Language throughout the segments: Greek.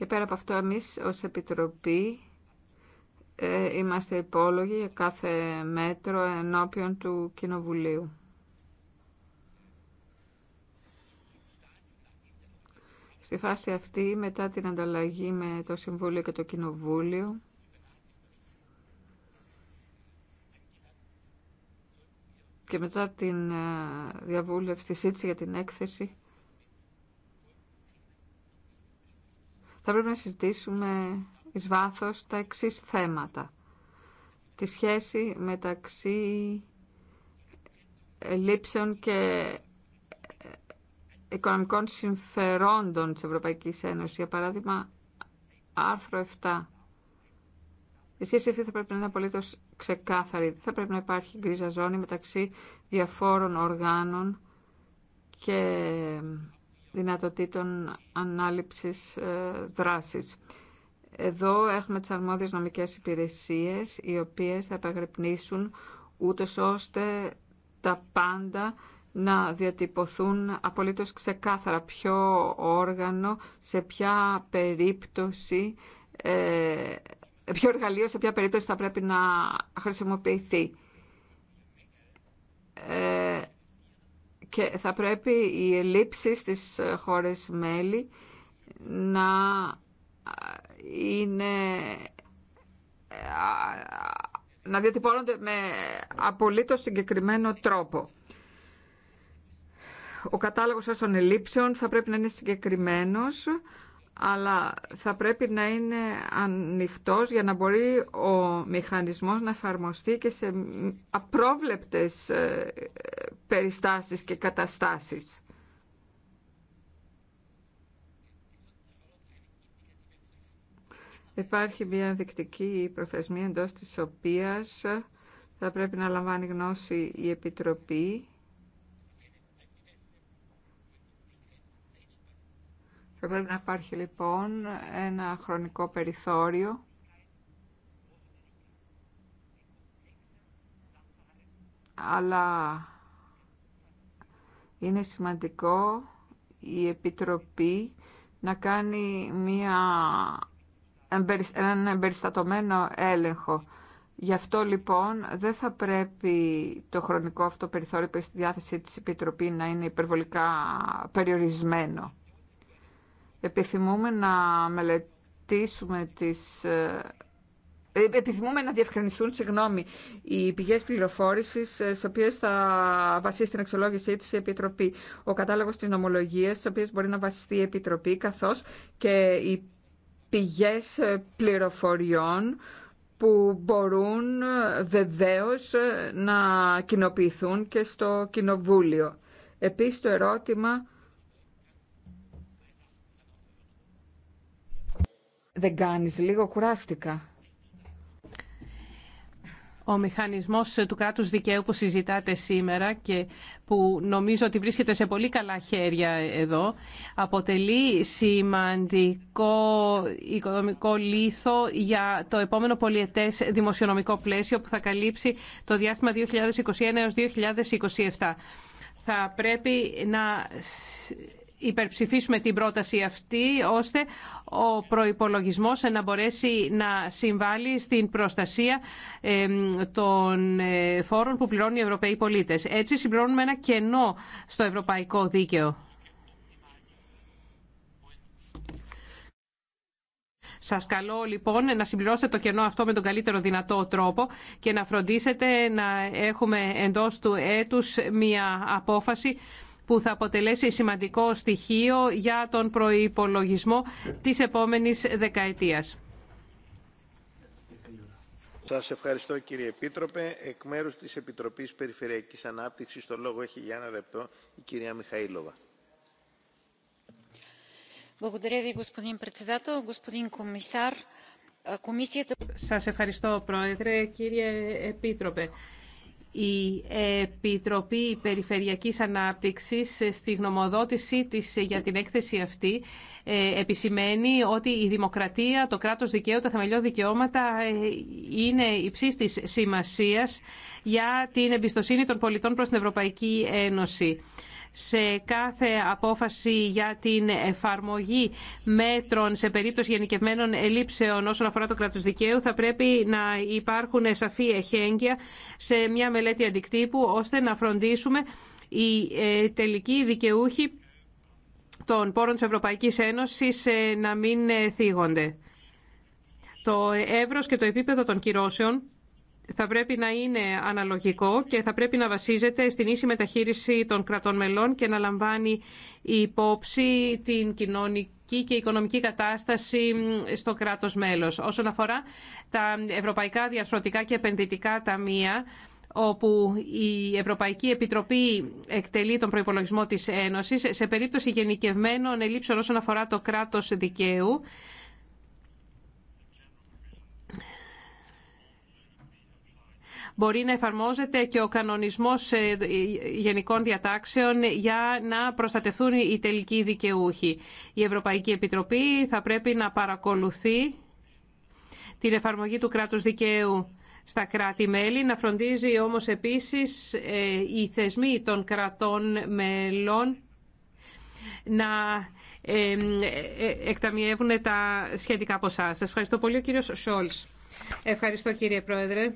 Και πέρα από αυτό εμείς ως Επιτροπή ε, είμαστε υπόλογοι για κάθε μέτρο ενώπιον του Κοινοβουλίου. Στη φάση αυτή, μετά την ανταλλαγή με το Συμβούλιο και το Κοινοβούλιο, και μετά την ε, διαβούλευση, της για την έκθεση, θα πρέπει να συζητήσουμε εις βάθος τα εξής θέματα. Τη σχέση μεταξύ λήψεων και οικονομικών συμφερόντων της Ευρωπαϊκής Ένωσης. Για παράδειγμα, άρθρο 7. Η σχέση αυτή θα πρέπει να είναι απολύτως ξεκάθαρη. Δεν θα πρέπει να υπάρχει γκρίζα ζώνη μεταξύ διαφόρων οργάνων και δυνατοτήτων ανάληψης ε, δράσης. Εδώ έχουμε τις αρμόδιες νομικές υπηρεσίες, οι οποίες θα επαγρυπνήσουν ούτε ώστε τα πάντα να διατυπωθούν απολύτως ξεκάθαρα ποιο όργανο, σε ποια περίπτωση, ε, ποιο εργαλείο, σε ποια περίπτωση θα πρέπει να χρησιμοποιηθεί. Ε, και θα πρέπει οι ελλείψεις στις χώρες μέλη να είναι να διατυπώνονται με απολύτως συγκεκριμένο τρόπο. Ο κατάλογος σας των ελλείψεων θα πρέπει να είναι συγκεκριμένος, αλλά θα πρέπει να είναι ανοιχτός για να μπορεί ο μηχανισμός να εφαρμοστεί και σε απρόβλεπτες ε, περιστάσεις και καταστάσεις. Υπάρχει μια ενδεικτική προθεσμία εντός της οποίας θα πρέπει να λαμβάνει γνώση η Επιτροπή Θα πρέπει να υπάρχει λοιπόν ένα χρονικό περιθώριο αλλά είναι σημαντικό η Επιτροπή να κάνει μια, έναν εμπεριστατωμένο έλεγχο. Γι' αυτό λοιπόν δεν θα πρέπει το χρονικό αυτό περιθώριο που έχει στη διάθεση της Επιτροπή να είναι υπερβολικά περιορισμένο. Επιθυμούμε να μελετήσουμε τις ε, ε, επιθυμούμε να διευκρινιστούν συγγνώμη, οι πηγέ πληροφόρηση ε, στι οποίε θα βασίσει την εξολόγησή τη η Επιτροπή. Ο κατάλογο τη νομολογία στι οποίε μπορεί να βασιστεί η Επιτροπή, καθώ και οι πηγέ ε, πληροφοριών που μπορούν βεβαίως να κοινοποιηθούν και στο Κοινοβούλιο. Επίσης το ερώτημα δεν κάνεις λίγο κουράστηκα. Ο μηχανισμός του κράτους δικαίου που συζητάτε σήμερα και που νομίζω ότι βρίσκεται σε πολύ καλά χέρια εδώ, αποτελεί σημαντικό οικονομικό λίθο για το επόμενο πολιετές δημοσιονομικό πλαίσιο που θα καλύψει το διάστημα 2021 έως 2027. Θα πρέπει να υπερψηφίσουμε την πρόταση αυτή, ώστε ο προϋπολογισμός να μπορέσει να συμβάλλει στην προστασία των ε, φόρων που πληρώνουν οι Ευρωπαίοι πολίτες. Έτσι συμπληρώνουμε ένα κενό στο ευρωπαϊκό δίκαιο. Σας καλώ λοιπόν να συμπληρώσετε το κενό αυτό με τον καλύτερο δυνατό τρόπο και να φροντίσετε να έχουμε εντός του έτους μια απόφαση που θα αποτελέσει σημαντικό στοιχείο για τον προϋπολογισμό της επόμενης δεκαετίας. Σας ευχαριστώ κύριε Επίτροπε. Εκ μέρους της Επιτροπής Περιφερειακής Ανάπτυξης το λόγο έχει για ένα λεπτό η κυρία Μιχαήλοβα. Σας ευχαριστώ, Πρόεδρε, κύριε Επίτροπε. Η Επιτροπή Περιφερειακής Ανάπτυξης στη γνωμοδότησή της για την έκθεση αυτή ε, επισημαίνει ότι η δημοκρατία, το κράτος δικαίου, τα θεμελιώδη δικαιώματα ε, είναι υψής της σημασίας για την εμπιστοσύνη των πολιτών προς την Ευρωπαϊκή Ένωση σε κάθε απόφαση για την εφαρμογή μέτρων σε περίπτωση γενικευμένων ελήψεων όσον αφορά το κράτος δικαίου θα πρέπει να υπάρχουν σαφή εχέγγυα σε μια μελέτη αντικτύπου ώστε να φροντίσουμε οι ε, τελικοί δικαιούχοι των πόρων της Ευρωπαϊκής Ένωσης ε, να μην ε, θίγονται. Το εύρος και το επίπεδο των κυρώσεων θα πρέπει να είναι αναλογικό και θα πρέπει να βασίζεται στην ίση μεταχείριση των κρατών μελών και να λαμβάνει υπόψη την κοινωνική και οικονομική κατάσταση στο κράτος μέλος. Όσον αφορά τα ευρωπαϊκά διαρθρωτικά και επενδυτικά ταμεία, όπου η Ευρωπαϊκή Επιτροπή εκτελεί τον προϋπολογισμό της Ένωσης σε περίπτωση γενικευμένων ελλείψεων όσον αφορά το κράτος δικαίου, μπορεί να εφαρμόζεται και ο κανονισμός ε, ε, γενικών διατάξεων για να προστατευτούν οι τελικοί δικαιούχοι. Η Ευρωπαϊκή Επιτροπή θα πρέπει να παρακολουθεί την εφαρμογή του κράτους δικαίου στα κράτη-μέλη, να φροντίζει όμως επίσης ε, οι θεσμοί των κρατών μελών να εκταμιεύουν τα σχετικά ποσά. Σας ευχαριστώ πολύ, ο κύριος Σόλς. Ευχαριστώ, κύριε Πρόεδρε.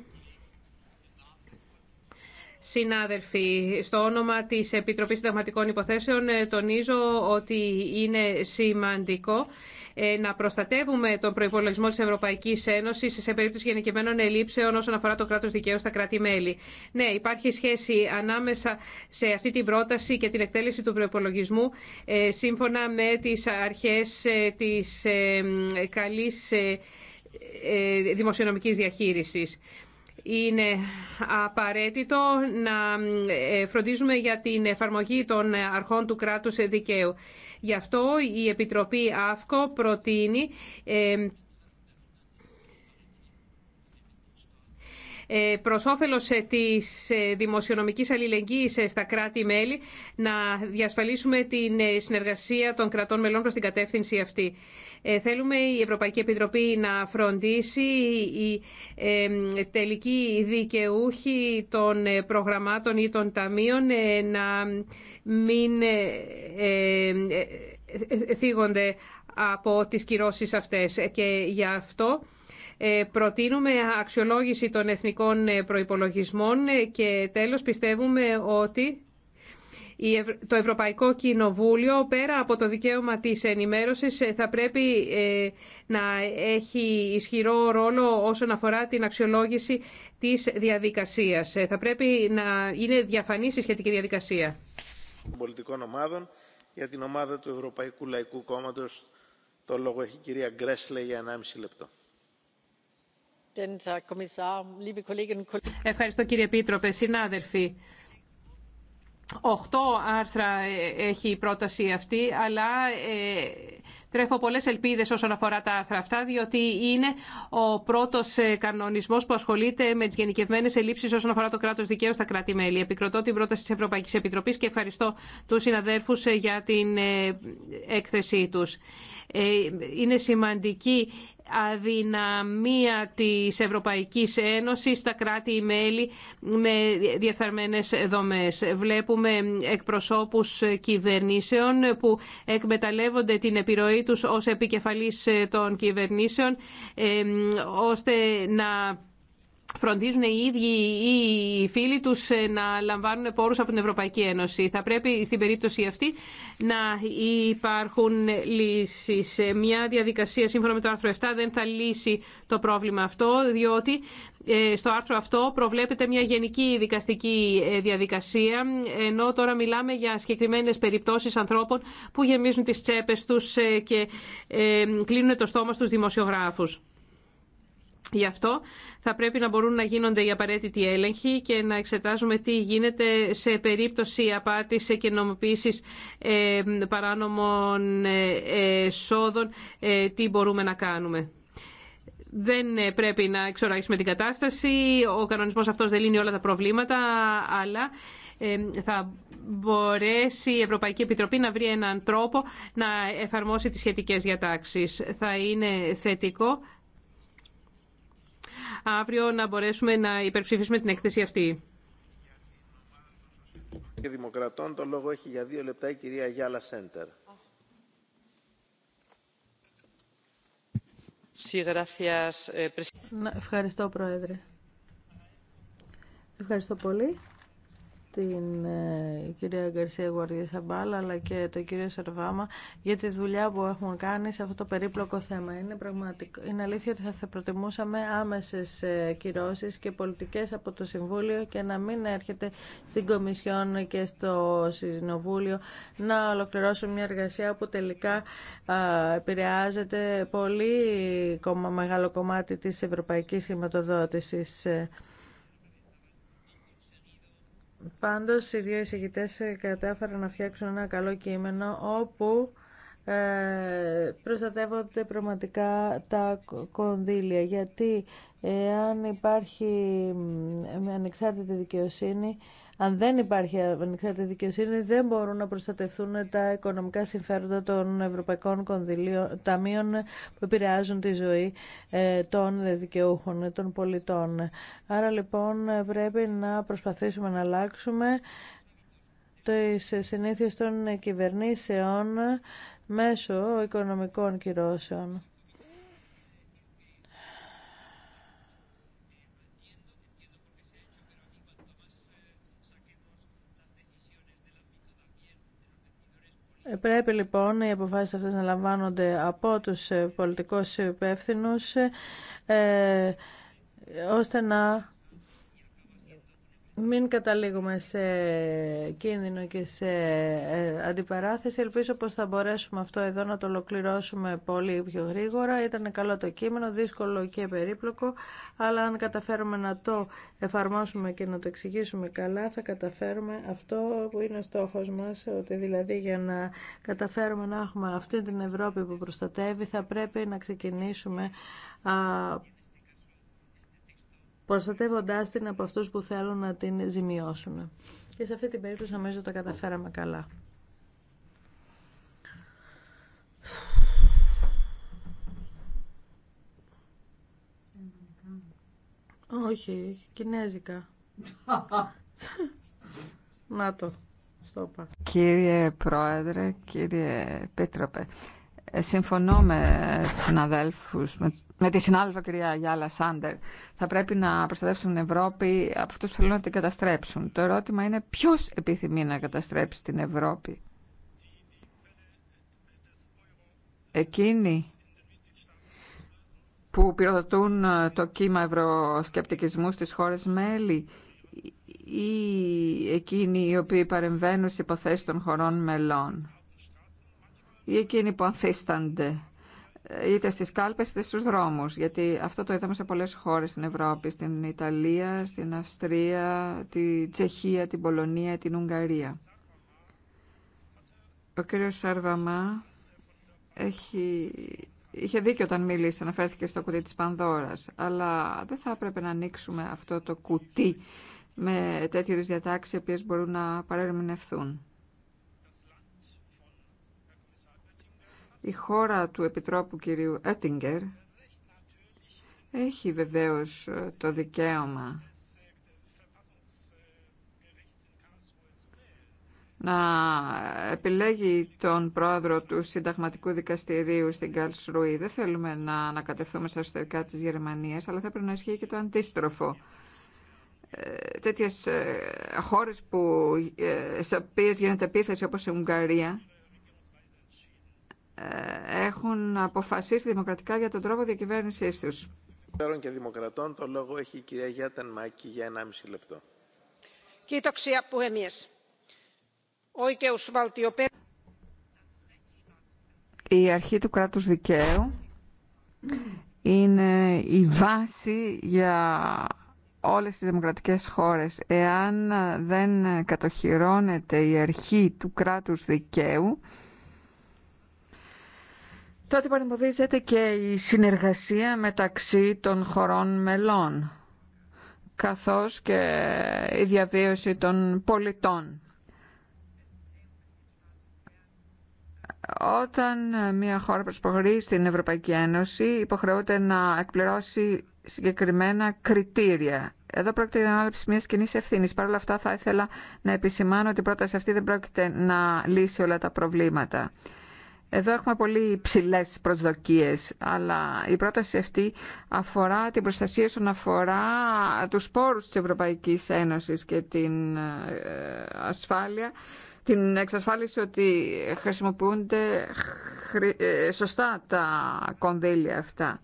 Συνάδελφοι, στο όνομα της Επιτροπής Συνταγματικών Υποθέσεων ε, τονίζω ότι είναι σημαντικό ε, να προστατεύουμε τον προπολογισμό τη Ευρωπαϊκή Ένωση σε περίπτωση γενικευμένων ελλείψεων όσον αφορά το κράτο δικαίου στα κράτη-μέλη. Ναι, υπάρχει σχέση ανάμεσα σε αυτή την πρόταση και την εκτέλεση του προπολογισμού ε, σύμφωνα με τι αρχέ τη καλή δημοσιονομική διαχείριση είναι απαραίτητο να ε, φροντίζουμε για την εφαρμογή των αρχών του κράτους δικαίου. Γι' αυτό η Επιτροπή ΑΦΚΟ προτείνει ε, ε, προς όφελος τη δημοσιονομική αλληλεγγύη στα κράτη-μέλη να διασφαλίσουμε την συνεργασία των κρατών μελών προς την κατεύθυνση αυτή. Ε, θέλουμε η Ευρωπαϊκή Επιτροπή να φροντίσει οι ε, τελικοί δικαιούχοι των ε, προγραμμάτων ή των ταμείων να μην θίγονται από τις κυρώσεις αυτές. Και γι' αυτό προτείνουμε αξιολόγηση των εθνικών προϋπολογισμών και τέλος πιστεύουμε ότι το Ευρωπαϊκό Κοινοβούλιο, πέρα από το δικαίωμα της ενημέρωσης, ε, θα πρέπει ε, να έχει ισχυρό ρόλο όσον αφορά την αξιολόγηση της διαδικασίας. Ε, θα πρέπει να είναι διαφανής η σχετική διαδικασία. Πολιτικών ομάδων, για την ομάδα του Ευρωπαϊκού Λαϊκού Κόμματος, το λόγο έχει η κυρία Γκρέσλε για 1,5 λεπτό. Ευχαριστώ κύριε Πίτροπε, συνάδελφοι. Οχτώ άρθρα ε, έχει η πρόταση αυτή, αλλά ε, τρέφω πολλές ελπίδες όσον αφορά τα άρθρα αυτά, διότι είναι ο πρώτος ε, κανονισμός που ασχολείται με τις γενικευμένες ελλείψεις όσον αφορά το κράτος δικαίου στα κράτη-μέλη. Επικροτώ την πρόταση της Ευρωπαϊκής Επιτροπής και ευχαριστώ τους συναδέλφους για την έκθεσή τους. Είναι σημαντική αδυναμία της Ευρωπαϊκής Ένωσης στα κράτη-μέλη με διεφθαρμένες δομές. Βλέπουμε εκπροσώπους κυβερνήσεων που εκμεταλλεύονται την επιρροή τους ως επικεφαλής των κυβερνήσεων ώστε να φροντίζουν οι ίδιοι οι φίλοι τους ε, να λαμβάνουν πόρους από την Ευρωπαϊκή Ένωση. Θα πρέπει στην περίπτωση αυτή να υπάρχουν λύσεις. Ε, μια διαδικασία σύμφωνα με το άρθρο 7 δεν θα λύσει το πρόβλημα αυτό, διότι ε, στο άρθρο αυτό προβλέπεται μια γενική δικαστική διαδικασία, ενώ τώρα μιλάμε για συγκεκριμένες περιπτώσεις ανθρώπων που γεμίζουν τις τσέπες τους και κλείνουν το στόμα στους δημοσιογράφους. Γι' αυτό θα πρέπει να μπορούν να γίνονται οι απαραίτητοι έλεγχοι και να εξετάζουμε τι γίνεται σε περίπτωση απάτης και νομοποίησης ε, παράνομων ε, εσόδων, ε, τι μπορούμε να κάνουμε. Δεν πρέπει να εξοραγήσουμε την κατάσταση. Ο κανονισμός αυτός δεν λύνει όλα τα προβλήματα, αλλά θα μπορέσει η Ευρωπαϊκή Επιτροπή να βρει έναν τρόπο να εφαρμόσει τις σχετικές διατάξεις. Θα είναι θετικό αύριο να μπορέσουμε να υπερψηφίσουμε την έκθεση αυτή. Και δημοκρατών, το λόγο έχει για δύο λεπτά η κυρία Γιάλα Σέντερ. Eh, ευχαριστώ, Πρόεδρε. Ευχαριστώ πολύ την ε, κυρία Γκαρσία Γουαρδία Σαμπάλα αλλά και τον κύριο Σερβάμα για τη δουλειά που έχουν κάνει σε αυτό το περίπλοκο θέμα. Είναι, πραγματικό, είναι αλήθεια ότι θα, θα προτιμούσαμε άμεσες ε, κυρώσει και πολιτικέ από το Συμβούλιο και να μην έρχεται στην Κομισιόν και στο Συνοβούλιο να ολοκληρώσουν μια εργασία που τελικά επηρεάζεται πολύ μεγάλο κομμάτι της ευρωπαϊκής χρηματοδότησης. Ε, Πάντως οι δύο εισηγητές ε, κατάφεραν να φτιάξουν ένα καλό κείμενο όπου ε, προστατεύονται πραγματικά τα κονδύλια γιατί αν υπάρχει ανεξάρτητη δικαιοσύνη αν δεν υπάρχει ανεξάρτητη δικαιοσύνη, δεν μπορούν να προστατευτούν τα οικονομικά συμφέροντα των ευρωπαϊκών κονδυλίων, ταμείων που επηρεάζουν τη ζωή ε, των δικαιούχων, των πολιτών. Άρα λοιπόν πρέπει να προσπαθήσουμε να αλλάξουμε τις συνήθειες των κυβερνήσεων μέσω οικονομικών κυρώσεων. Πρέπει λοιπόν οι αποφάσεις αυτές να λαμβάνονται από τους ε, πολιτικούς υπεύθυνου ε, ε, ώστε να μην καταλήγουμε σε κίνδυνο και σε ε, αντιπαράθεση. Ελπίζω πως θα μπορέσουμε αυτό εδώ να το ολοκληρώσουμε πολύ πιο γρήγορα. Ήταν καλό το κείμενο, δύσκολο και περίπλοκο, αλλά αν καταφέρουμε να το εφαρμόσουμε και να το εξηγήσουμε καλά, θα καταφέρουμε αυτό που είναι ο στόχος μας, ότι δηλαδή για να καταφέρουμε να έχουμε αυτή την Ευρώπη που προστατεύει, θα πρέπει να ξεκινήσουμε προστατεύοντάς την από αυτούς που θέλουν να την ζημιώσουν. Και σε αυτή την περίπτωση νομίζω τα καταφέραμε καλά. Όχι, κινέζικα. Να το. Στόπα. Κύριε Πρόεδρε, κύριε Πίτροπε, ε, συμφωνώ με τους συναδέλφους, με με τη συνάδελφα κυρία Γιάλα Σάντερ, θα πρέπει να προστατεύσουν την Ευρώπη από αυτούς που θέλουν να την καταστρέψουν. Το ερώτημα είναι ποιος επιθυμεί να καταστρέψει την Ευρώπη. Εκείνοι που πυροδοτούν ε, το κύμα ευρωσκεπτικισμού στις χώρες μέλη ή εκείνοι οι οποίοι παρεμβαίνουν στις υποθέσεις των χωρών μελών ή εκείνοι που ανθίστανται είτε στις κάλπες είτε στους δρόμους, γιατί αυτό το είδαμε σε πολλές χώρες στην Ευρώπη, στην Ιταλία, στην Αυστρία, τη Τσεχία, την Πολωνία, την Ουγγαρία. Ο κύριος Σάρβαμα έχει... είχε δίκιο όταν μίλησε, αναφέρθηκε στο κουτί της Πανδώρας, αλλά δεν θα έπρεπε να ανοίξουμε αυτό το κουτί με τέτοιου διατάξεις οι οποίες μπορούν να παρερμηνευθούν. Η χώρα του Επιτρόπου κυρίου Έτιγκερ έχει βεβαίως ε, το δικαίωμα να επιλέγει τον πρόεδρο του συνταγματικού δικαστηρίου στην Καλσρούη. Δεν θέλουμε να ανακατευθούμε στα εσωτερικά της Γερμανίας, αλλά θα πρέπει να ισχύει και το αντίστροφο. Ε, τέτοιες ε, χώρες που, ε, σε οποίες γίνεται επίθεση όπως η Ουγγαρία, ε, έχουν αποφασίσει δημοκρατικά για τον τρόπο διακυβέρνησής τους. και Δημοκρατών, το λόγο έχει η κυρία Μάκη για λεπτό. Η αρχή του κράτους δικαίου είναι η βάση για όλες τις δημοκρατικές χώρες. Εάν δεν κατοχυρώνεται η αρχή του κράτους δικαίου, τότε παρεμποδίζεται και η συνεργασία μεταξύ των χωρών μελών καθώς και η διαβίωση των πολιτών. Όταν μια χώρα προσπαθεί στην Ευρωπαϊκή Ένωση υποχρεούται να εκπληρώσει συγκεκριμένα κριτήρια. Εδώ πρόκειται για ανάληψη μια κοινή ευθύνη. Παρ' όλα αυτά, θα ήθελα να επισημάνω ότι η πρόταση αυτή δεν πρόκειται να λύσει όλα τα προβλήματα. Εδώ έχουμε πολύ ψηλέ προσδοκίες, αλλά η πρόταση αυτή αφορά την προστασία όσον αφορά τους πόρους της Ευρωπαϊκής Ένωσης και την ε, ασφάλεια, την εξασφάλιση ότι χρησιμοποιούνται ε, σωστά τα κονδύλια αυτά.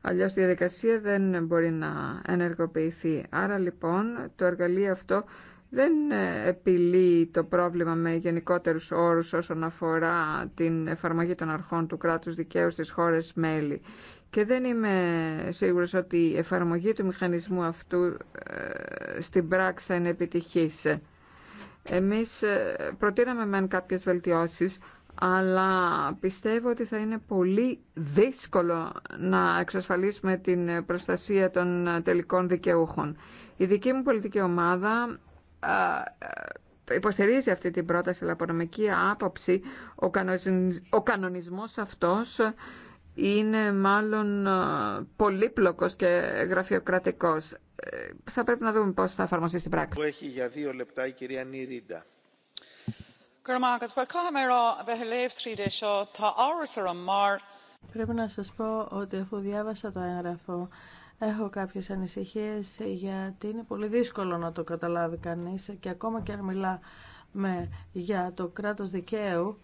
Αλλιώς η διαδικασία δεν μπορεί να ενεργοποιηθεί. Άρα λοιπόν το εργαλείο αυτό δεν ε, επιλύει το πρόβλημα με γενικότερους όρους όσον αφορά την εφαρμογή των αρχών του κράτους δικαίου στις χώρες μέλη. Και δεν είμαι σίγουρος ότι η εφαρμογή του μηχανισμού αυτού ε, στην πράξη θα είναι επιτυχής. Εμείς ε, προτείναμε μεν κάποιες βελτιώσεις, αλλά πιστεύω ότι θα είναι πολύ δύσκολο να εξασφαλίσουμε την προστασία των τελικών δικαιούχων. Η δική μου πολιτική ομάδα υποστηρίζει αυτή την πρόταση, αλλά από νομική άποψη ο κανονισμός αυτός είναι μάλλον πολύπλοκος και γραφειοκρατικός. Ε, θα πρέπει να δούμε πώς θα εφαρμοστεί στην πράξη. έχει για δύο λεπτά η κυρία Νιρίντα. Πρέπει να σας πω ότι αφού διάβασα το έγγραφο Έχω κάποιες ανησυχίες ε, γιατί είναι πολύ δύσκολο να το καταλάβει κανείς και ακόμα και αν μιλάμε για το κράτος δικαίου,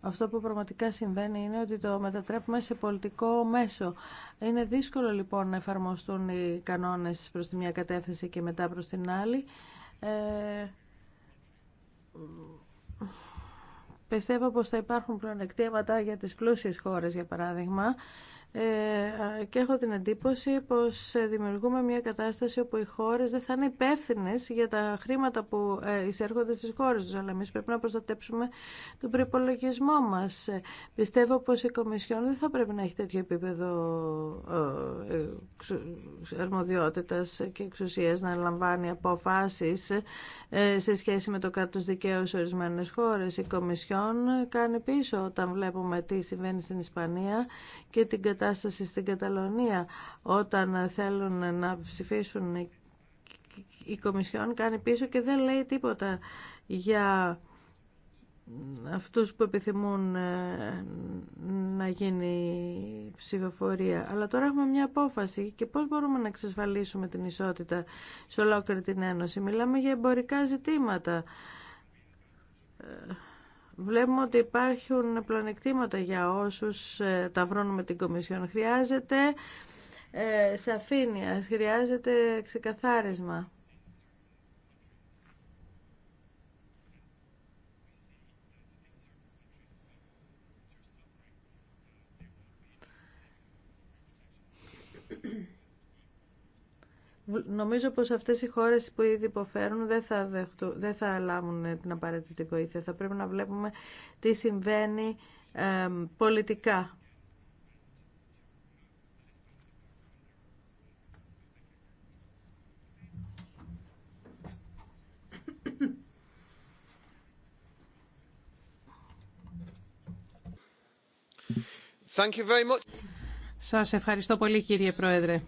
αυτό που πραγματικά συμβαίνει είναι ότι το μετατρέπουμε σε πολιτικό μέσο. Είναι δύσκολο λοιπόν να εφαρμοστούν οι κανόνες προς τη μια κατεύθυνση και μετά προς την άλλη. Ε, πιστεύω πως θα υπάρχουν πλεονεκτήματα για τις πλούσιες χώρες, για παράδειγμα, ε, και έχω την εντύπωση πως ε, δημιουργούμε μια κατάσταση όπου οι χώρες δεν θα είναι υπεύθυνε για τα χρήματα που ε, εισέρχονται στις χώρες τους, αλλά εμείς πρέπει να προστατέψουμε τον προπολογισμό μας. Πιστεύω πως η Κομισιόν δεν θα πρέπει να έχει τέτοιο επίπεδο αρμοδιότητας και εξουσίας να λαμβάνει αποφάσεις σε σχέση με το κράτος δικαίου σε ορισμένες χώρες. Η Κομισιόν κάνει πίσω όταν βλέπουμε τι συμβαίνει στην Ισπανία και την κατάσταση κατάσταση στην Καταλωνία όταν θέλουν να ψηφίσουν η Κομισιόν κάνει πίσω και δεν λέει τίποτα για αυτούς που επιθυμούν ε, να γίνει ψηφοφορία. Αλλά τώρα έχουμε μια απόφαση και πώς μπορούμε να εξασφαλίσουμε την ισότητα σε ολόκληρη την Ένωση. Μιλάμε για εμπορικά ζητήματα. Ε, Βλέπουμε ότι υπάρχουν πλανεκτήματα για όσους ε, τα με την Κομισιόν. Χρειάζεται ε, σαφήνεια, χρειάζεται ξεκαθάρισμα. Νομίζω πως αυτές οι χώρες που ήδη υποφέρουν δεν θα, δεχτού, δεν θα λάβουν ε, την απαραίτητη βοήθεια. Θα πρέπει να βλέπουμε τι συμβαίνει πολιτικά. Thank Σας ευχαριστώ πολύ κύριε Πρόεδρε.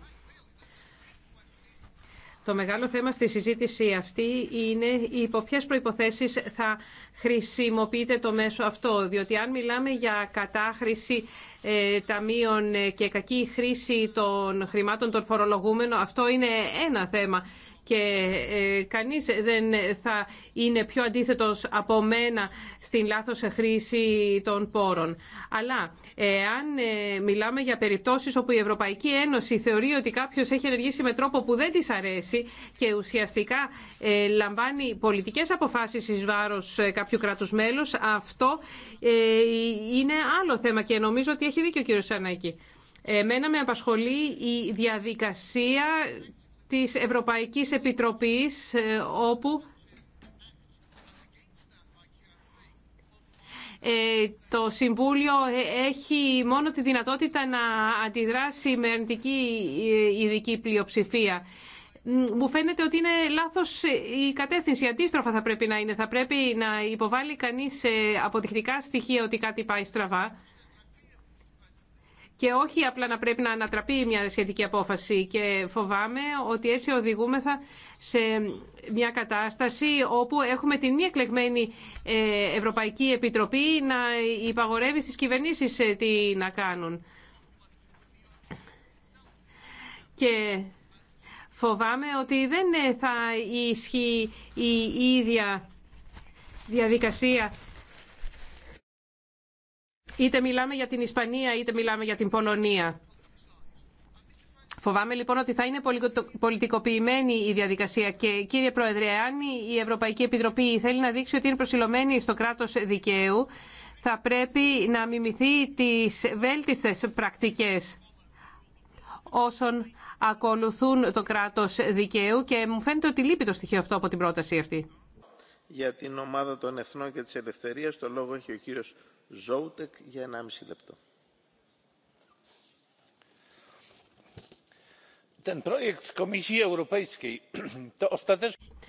Το μεγάλο θέμα στη συζήτηση αυτή είναι υπό ποιες προϋποθέσεις θα χρησιμοποιείται το μέσο αυτό. Διότι αν μιλάμε για κατάχρηση ε, ταμείων ε, και κακή χρήση των χρημάτων των φορολογούμενων, αυτό είναι ένα θέμα και ε, κανείς δεν θα είναι πιο αντίθετος από μένα στην λάθος χρήση των πόρων. Αλλά ε, αν ε, μιλάμε για περιπτώσεις όπου η Ευρωπαϊκή Ένωση θεωρεί ότι κάποιος έχει ενεργήσει με τρόπο που δεν της αρέσει και ουσιαστικά λαμβάνει πολιτικές αποφάσεις εις βάρος κάποιου κράτους μέλους, αυτό είναι άλλο θέμα και νομίζω ότι έχει δίκιο ο κύριος Σανάκη. Εμένα με απασχολεί η διαδικασία της Ευρωπαϊκής Επιτροπής ε, όπου ε, το Συμβούλιο ε, έχει μόνο τη δυνατότητα να αντιδράσει με αρνητική ειδική πλειοψηφία. Μου φαίνεται ότι είναι λάθος η κατεύθυνση. Αντίστροφα θα πρέπει να είναι. Θα πρέπει να υποβάλει κανείς αποδεικτικά στοιχεία ότι κάτι πάει στραβά και όχι απλά να πρέπει να ανατραπεί μια σχετική απόφαση. Και φοβάμαι ότι έτσι οδηγούμεθα σε μια κατάσταση όπου έχουμε την μη εκλεγμένη ε, Ευρωπαϊκή Επιτροπή να υπαγορεύει στις κυβερνήσεις ε, τι να κάνουν. Και φοβάμαι ότι δεν ε, θα ισχύει η ίδια διαδικασία Είτε μιλάμε για την Ισπανία είτε μιλάμε για την Πολωνία. Φοβάμαι λοιπόν ότι θα είναι πολιτικοποιημένη η διαδικασία και κύριε Πρόεδρε, αν η Ευρωπαϊκή Επιτροπή θέλει να δείξει ότι είναι προσιλωμένη στο κράτος δικαίου, θα πρέπει να μιμηθεί τις βέλτιστες πρακτικές όσων ακολουθούν το κράτος δικαίου και μου φαίνεται ότι λείπει το στοιχείο αυτό από την πρόταση αυτή για την ομάδα των Εθνών και της Ελευθερίας. Το λόγο έχει ο κύριος Ζόουτεκ για 1,5 λεπτό.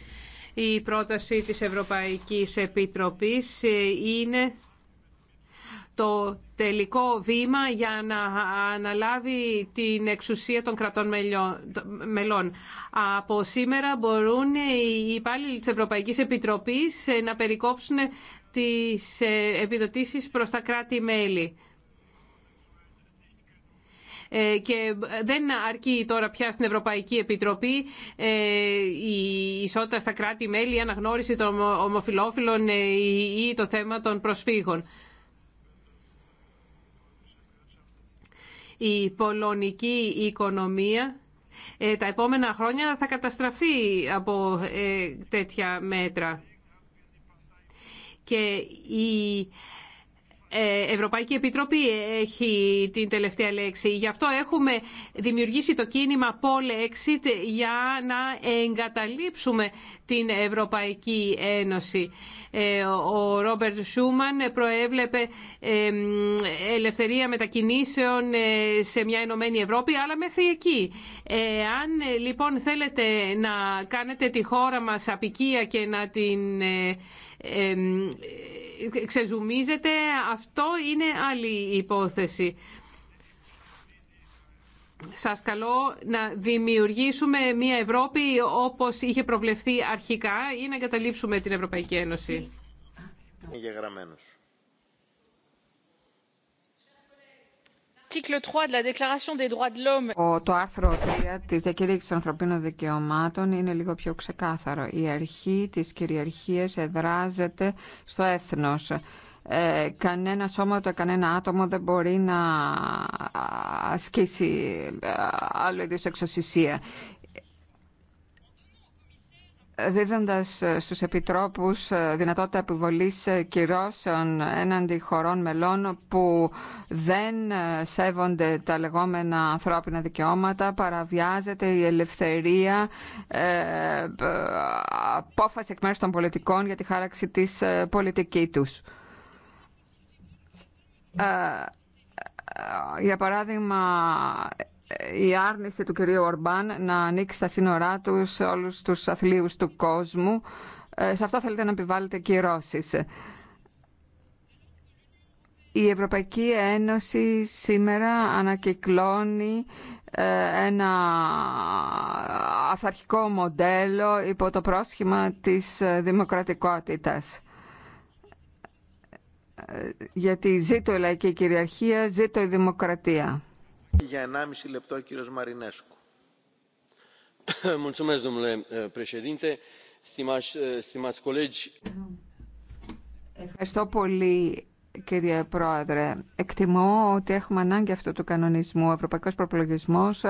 Η πρόταση της Ευρωπαϊκής Επιτροπής ε, είναι το τελικό βήμα για να αναλάβει την εξουσία των κρατών μελών. Από σήμερα μπορούν οι υπάλληλοι της Ευρωπαϊκής Επιτροπής ε, να περικόψουν τις ε, επιδοτήσεις προς τα κράτη-μέλη. Ε, και δεν αρκεί τώρα πια στην Ευρωπαϊκή Επιτροπή η ισότητα στα κράτη-μέλη, η αναγνώριση των ομοφιλόφιλων ή το θέμα των προσφύγων. η πολωνική οικονομία ε, τα επόμενα χρόνια θα καταστραφεί από ε, τέτοια μέτρα. Και η ε, Ευρωπαϊκή Επιτροπή έχει την τελευταία λέξη. Γι' αυτό έχουμε δημιουργήσει το κίνημα Paul Exit για να εγκαταλείψουμε την Ευρωπαϊκή Ένωση. Ε, ο Ρόμπερτ Σούμαν προέβλεπε ελευθερία μετακινήσεων ε, σε μια Ενωμένη Ευρώπη, αλλά μέχρι εκεί. Αν λοιπόν θέλετε να κάνετε τη χώρα μας απικία και να την ε, ξεζουμίζεται, αυτό είναι άλλη υπόθεση. Σας καλώ να δημιουργήσουμε μια Ευρώπη όπως είχε προβλεφθεί αρχικά ή να εγκαταλείψουμε την Ευρωπαϊκή Ένωση. Γεγραμμένος. Το άρθρο 3 της διακήρυξης των ανθρωπίνων δικαιωμάτων είναι λίγο πιο ξεκάθαρο. Η αρχή της κυριαρχίας εδράζεται στο έθνος. Ε, κανένα σώμα το κανένα άτομο δεν μπορεί να ασκήσει ε, άλλο είδους εξωσυσία δίδοντας ε, στους επιτρόπους ε, δυνατότητα επιβολής ε, κυρώσεων έναντι χωρών μελών που δεν σέβονται τα λεγόμενα ανθρώπινα δικαιώματα, παραβιάζεται η ελευθερία, απόφαση εκ μέρους των πολιτικών για τη χάραξη της πολιτική τους. Για παράδειγμα, η άρνηση του κυρίου Ορμπάν να ανοίξει τα σύνορά του σε όλους τους αθλίους του κόσμου. Ε, σε αυτό θέλετε να επιβάλλετε κυρώσεις. Η Ευρωπαϊκή Ένωση σήμερα ανακυκλώνει ε, ένα αυθαρχικό μοντέλο υπό το πρόσχημα της δημοκρατικότητας ε, γιατί ζήτω η λαϊκή κυριαρχία, ζήτω η δημοκρατία. Για 1,5 λεπτό κύριος domnule ε, președinte, ε, stimați colegi. Ευχαριστώ πολύ, κύριε Πρόεδρε. Εκτιμώ ότι έχουμε ανάγκη αυτού του κανονισμού. Ο Ευρωπαϊκός Προπολογισμός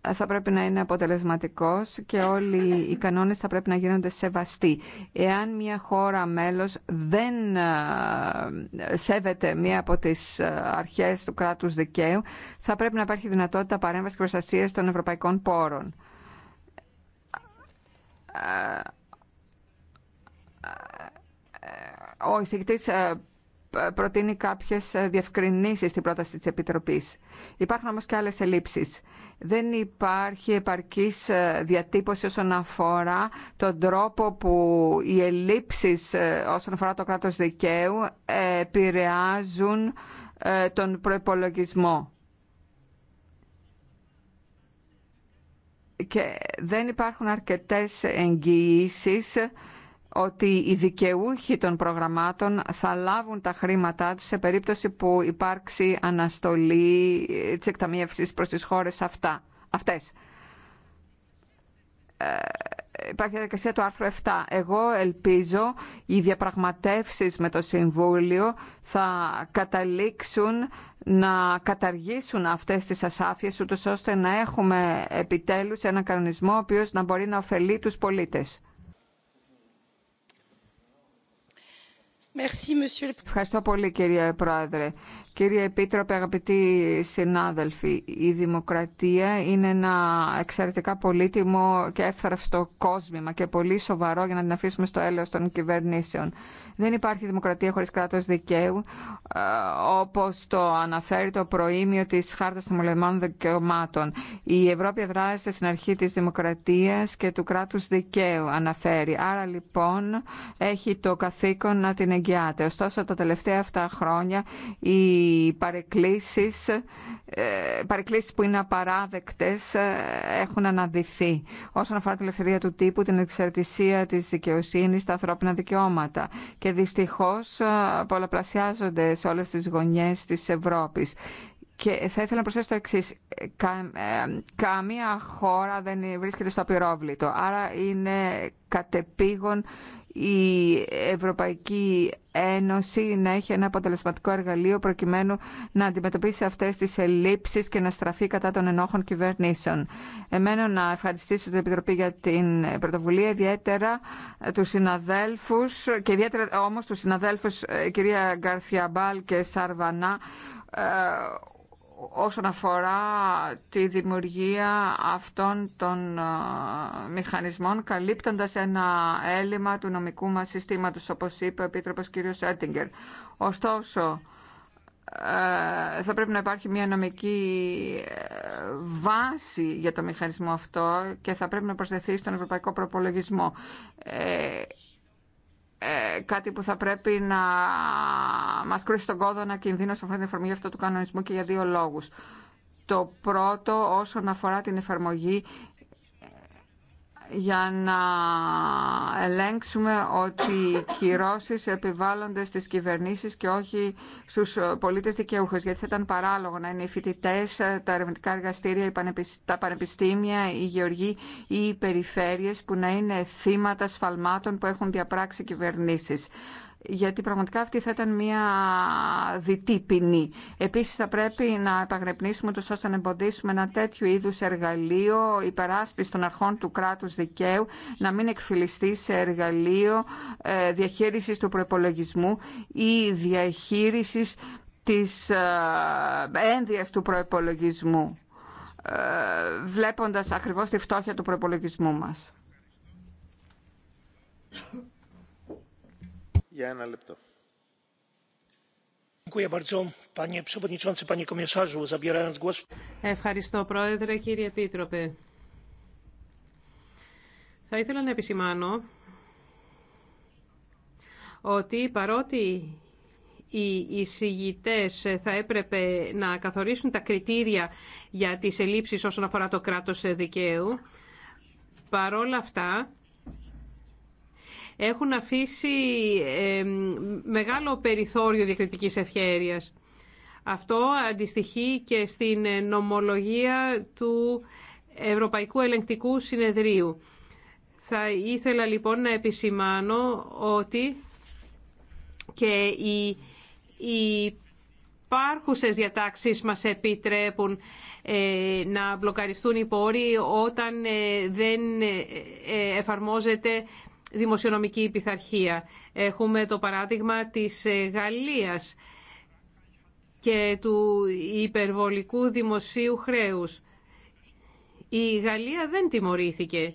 θα πρέπει να είναι αποτελεσματικός και όλοι οι κανόνες θα πρέπει να γίνονται σεβαστοί. Εάν μια χώρα μέλος δεν ε, σέβεται μία από τις ε, αρχές του κράτους δικαίου, θα πρέπει να υπάρχει δυνατότητα παρέμβαση και προστασία των ευρωπαϊκών πόρων. Ε, προτείνει κάποιες ε, διευκρινήσεις στην πρόταση της Επιτροπής. Υπάρχουν όμως και άλλες ελλείψεις. Δεν υπάρχει επαρκής ε, διατύπωση όσον αφορά τον τρόπο που οι ελλείψεις ε, όσον αφορά το κράτος δικαίου επηρεάζουν τον προπολογισμό. Και δεν υπάρχουν αρκετές εγγυήσεις ότι οι δικαιούχοι των προγραμμάτων θα λάβουν τα χρήματά τους σε περίπτωση που υπάρξει αναστολή ε, της εκταμίευσης προς τις χώρες αυτά, αυτές. Ε, υπάρχει διαδικασία του άρθρου 7. Εγώ ελπίζω οι διαπραγματεύσεις με το Συμβούλιο θα καταλήξουν να καταργήσουν αυτές τις ασάφειες ούτως ώστε να έχουμε επιτέλους ένα κανονισμό ο οποίος να μπορεί να ωφελεί τους πολίτες. Ευχαριστώ πολύ κύριε Πρόεδρε. Κύριε Επίτροπε, αγαπητοί συνάδελφοι, η δημοκρατία είναι ένα εξαιρετικά πολύτιμο και εύθραυστο κόσμημα και πολύ σοβαρό για να την αφήσουμε στο έλεος των κυβερνήσεων. Δεν υπάρχει δημοκρατία χωρίς κράτος δικαίου, ε, όπως το αναφέρει το προήμιο της Χάρτας των Μολεμών Δικαιωμάτων. Η Ευρώπη δράζεται στην αρχή της δημοκρατίας και του κράτους δικαίου, αναφέρει. Άρα λοιπόν έχει το καθήκον να την εγγυάται. Ωστόσο τα τελευταία αυτά χρόνια η οι ε, παρεκκλήσεις, που είναι απαράδεκτες ε, έχουν αναδυθεί όσον αφορά την ελευθερία του τύπου, την εξαρτησία της δικαιοσύνης, τα ανθρώπινα δικαιώματα και δυστυχώς ε, πολλαπλασιάζονται σε όλες τις γωνιές της Ευρώπης. Και θα ήθελα να προσθέσω το εξή. Ε, κα, ε, καμία χώρα δεν βρίσκεται στο απειρόβλητο. Άρα είναι κατεπήγον η Ευρωπαϊκή Ένωση να έχει ένα αποτελεσματικό εργαλείο προκειμένου να αντιμετωπίσει αυτές τις ελλείψεις και να στραφεί κατά των ενόχων κυβερνήσεων. Εμένα να ευχαριστήσω την Επιτροπή για την πρωτοβουλία, ιδιαίτερα τους συναδέλφους και ιδιαίτερα όμως τους συναδέλφους ε, κυρία Γκαρθιαμπάλ και Σαρβανά όσον αφορά τη δημιουργία αυτών των ε, μηχανισμών καλύπτοντας ένα έλλειμμα του νομικού μας συστήματος, όπως είπε ο Επίτροπος κ. Σέτιγκερ. Ωστόσο, ε, θα πρέπει να υπάρχει μια νομική ε, βάση για το μηχανισμό αυτό και θα πρέπει να προσθεθεί στον ευρωπαϊκό προπολογισμό ε, κάτι που θα πρέπει να μας κρούσει τον κόδωνα κινδύνο σε αυτή την εφαρμογή αυτού του κανονισμού και για δύο λόγους. Το πρώτο όσον αφορά την εφαρμογή για να ελέγξουμε ότι οι κυρώσεις επιβάλλονται στις κυβερνήσεις και όχι στους πολίτες δικαιούχους. Γιατί θα ήταν παράλογο να είναι οι φοιτητέ, τα ερευνητικά εργαστήρια, τα πανεπιστήμια, οι γεωργοί ή οι περιφέρειες που να είναι θύματα σφαλμάτων που έχουν διαπράξει κυβερνήσεις γιατί πραγματικά αυτή θα ήταν μια διτή ποινή. Επίσης θα πρέπει να επαγρεπνήσουμε το ώστε να εμποδίσουμε ένα τέτοιο είδους εργαλείο υπεράσπιση των αρχών του κράτους δικαίου να μην εκφυλιστεί σε εργαλείο ε, διαχείρισης του προπολογισμού ή διαχείρισης της ε, ένδυας του προπολογισμού ε, βλέποντας ακριβώς τη φτώχεια του προπολογισμού μας. Ευχαριστώ, Πρόεδρε, κύριε Επίτροπε. Θα ήθελα να επισημάνω ότι παρότι οι εισηγητές θα έπρεπε να καθορίσουν τα κριτήρια για τις ελλείψεις όσον αφορά το κράτος δικαίου, παρόλα αυτά έχουν αφήσει μεγάλο περιθώριο διακριτικής ευχέρειας. Αυτό αντιστοιχεί και στην ε, νομολογία του Ευρωπαϊκού Ελεγκτικού Συνεδρίου. Θα ήθελα λοιπόν να επισημάνω ότι και οι, οι υπάρχουσες διατάξεις μας επιτρέπουν ε, να μπλοκαριστούν οι πόροι όταν ε, δεν εφαρμόζεται δημοσιονομική πειθαρχία. Έχουμε το παράδειγμα της ε, Γαλλίας και του υπερβολικού δημοσίου χρέους. Η Γαλλία δεν τιμωρήθηκε.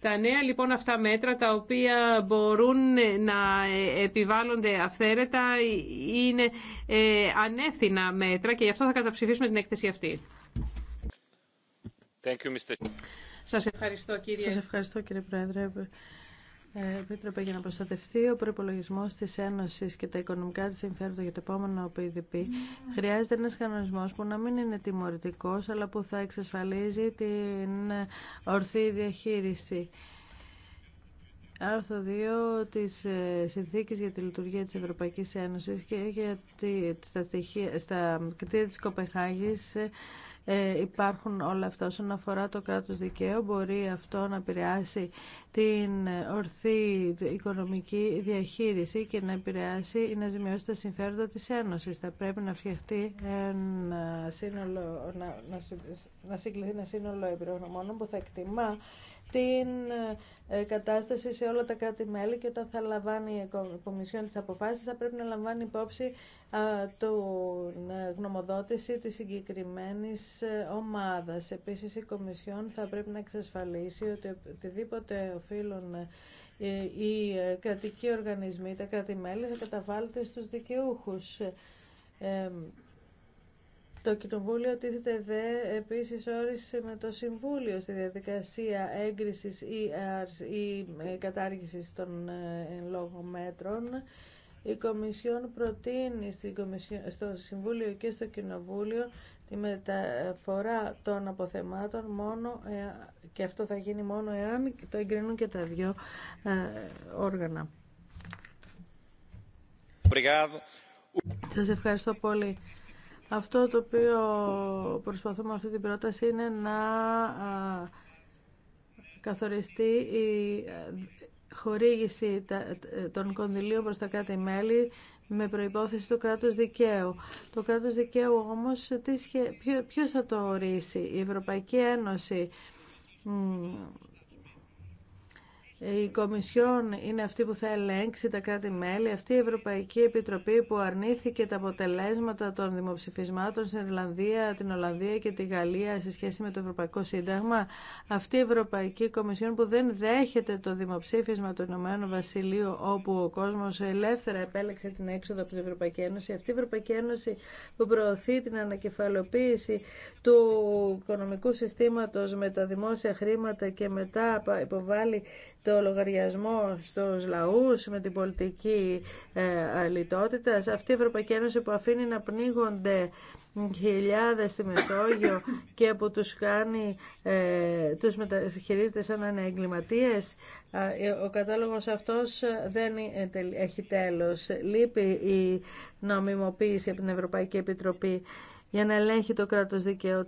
Τα νέα λοιπόν αυτά μέτρα τα οποία μπορούν να ε, επιβάλλονται αυθαίρετα είναι ε, ανεύθυνα μέτρα και γι' αυτό θα καταψηφίσουμε την έκθεση αυτή. Thank you, Mr. Σας ευχαριστώ κύριε. Σας ευχαριστώ κύριε Πρόεδρε. Ε, Επίτροπε, για να προστατευτεί ο προπολογισμό τη Ένωση και τα οικονομικά τη συμφέροντα για το επόμενο PDP, χρειάζεται ένα κανονισμό που να μην είναι τιμωρητικό, αλλά που θα εξασφαλίζει την ορθή διαχείριση άρθρο 2 της ε, Συνθήκης για τη Λειτουργία της Ευρωπαϊκής Ένωσης και για τη, στα, στοιχεία, στα κριτήρια της Κοπεχάγης ε, ε, υπάρχουν όλα αυτά. Όσον αφορά το κράτος δικαίου, μπορεί αυτό να επηρεάσει την ορθή οικονομική διαχείριση και να επηρεάσει ή να ζημιώσει τα συμφέροντα της Ένωσης. Θα πρέπει να φτιαχτεί ένα σύνολο, να, να, να συγκληθεί ένα σύνολο εμπειρογνωμόνων που θα εκτιμά την ε, κατάσταση σε όλα τα κράτη-μέλη και όταν θα λαμβάνει η Κομισιόν τις αποφάσεις θα πρέπει να λαμβάνει υπόψη την ε, γνωμοδότηση της συγκεκριμένης ε, ομάδας. Επίσης η Κομισιόν θα πρέπει να εξασφαλίσει ότι οτιδήποτε οφείλουν οι κρατικοί οργανισμοί, τα κράτη-μέλη θα καταβάλλεται στους δικαιούχους. Το Κοινοβούλιο τίθεται δε επίσης όρισε με το Συμβούλιο στη διαδικασία έγκρισης ή ε, κατάργησης των ε, λόγων μέτρων. Η Κομισιόν προτείνει στο Συμβούλιο και στο Κοινοβούλιο τη μεταφορά των αποθεμάτων μόνο ε, και αυτό θα γίνει μόνο εάν το εγκρίνουν και τα δύο όργανα. Σας ευχαριστώ πολύ. Αυτό το οποίο προσπαθούμε αυτή την πρόταση είναι να καθοριστεί η χορήγηση των κονδυλίων προς τα κάτι μέλη με προϋπόθεση του κράτους δικαίου. Το κράτος δικαίου όμως ποιος θα το ορίσει, η Ευρωπαϊκή Ένωση η Κομισιόν είναι αυτή που θα ελέγξει τα κράτη-μέλη, αυτή η Ευρωπαϊκή Επιτροπή που αρνήθηκε τα αποτελέσματα των δημοψηφισμάτων στην Ιρλανδία, την Ολλανδία και τη Γαλλία σε σχέση με το Ευρωπαϊκό Σύνταγμα, αυτή η Ευρωπαϊκή Κομισιόν που δεν δέχεται το δημοψήφισμα του Ηνωμένου Βασιλείου όπου ο Κόσμο ελεύθερα επέλεξε την έξοδο από την Ευρωπαϊκή Ένωση, αυτή η Ευρωπαϊκή Ένωση που προωθεί την ανακεφαλοποίηση του οικονομικού συστήματο με τα δημόσια χρήματα και μετά υποβάλλει το λογαριασμό στους λαούς με την πολιτική ε, λιτότητα. Αυτή η Ευρωπαϊκή Ένωση που αφήνει να πνίγονται χιλιάδες στη Μεσόγειο και που τους κάνει, ε, τους μεταχειρίζεται σαν εγκληματίες. Ε, ο κατάλογος αυτός δεν ε, έχει τέλος. Λείπει η νομιμοποίηση από την Ευρωπαϊκή Επιτροπή για να ελέγχει το κράτος δικαίου.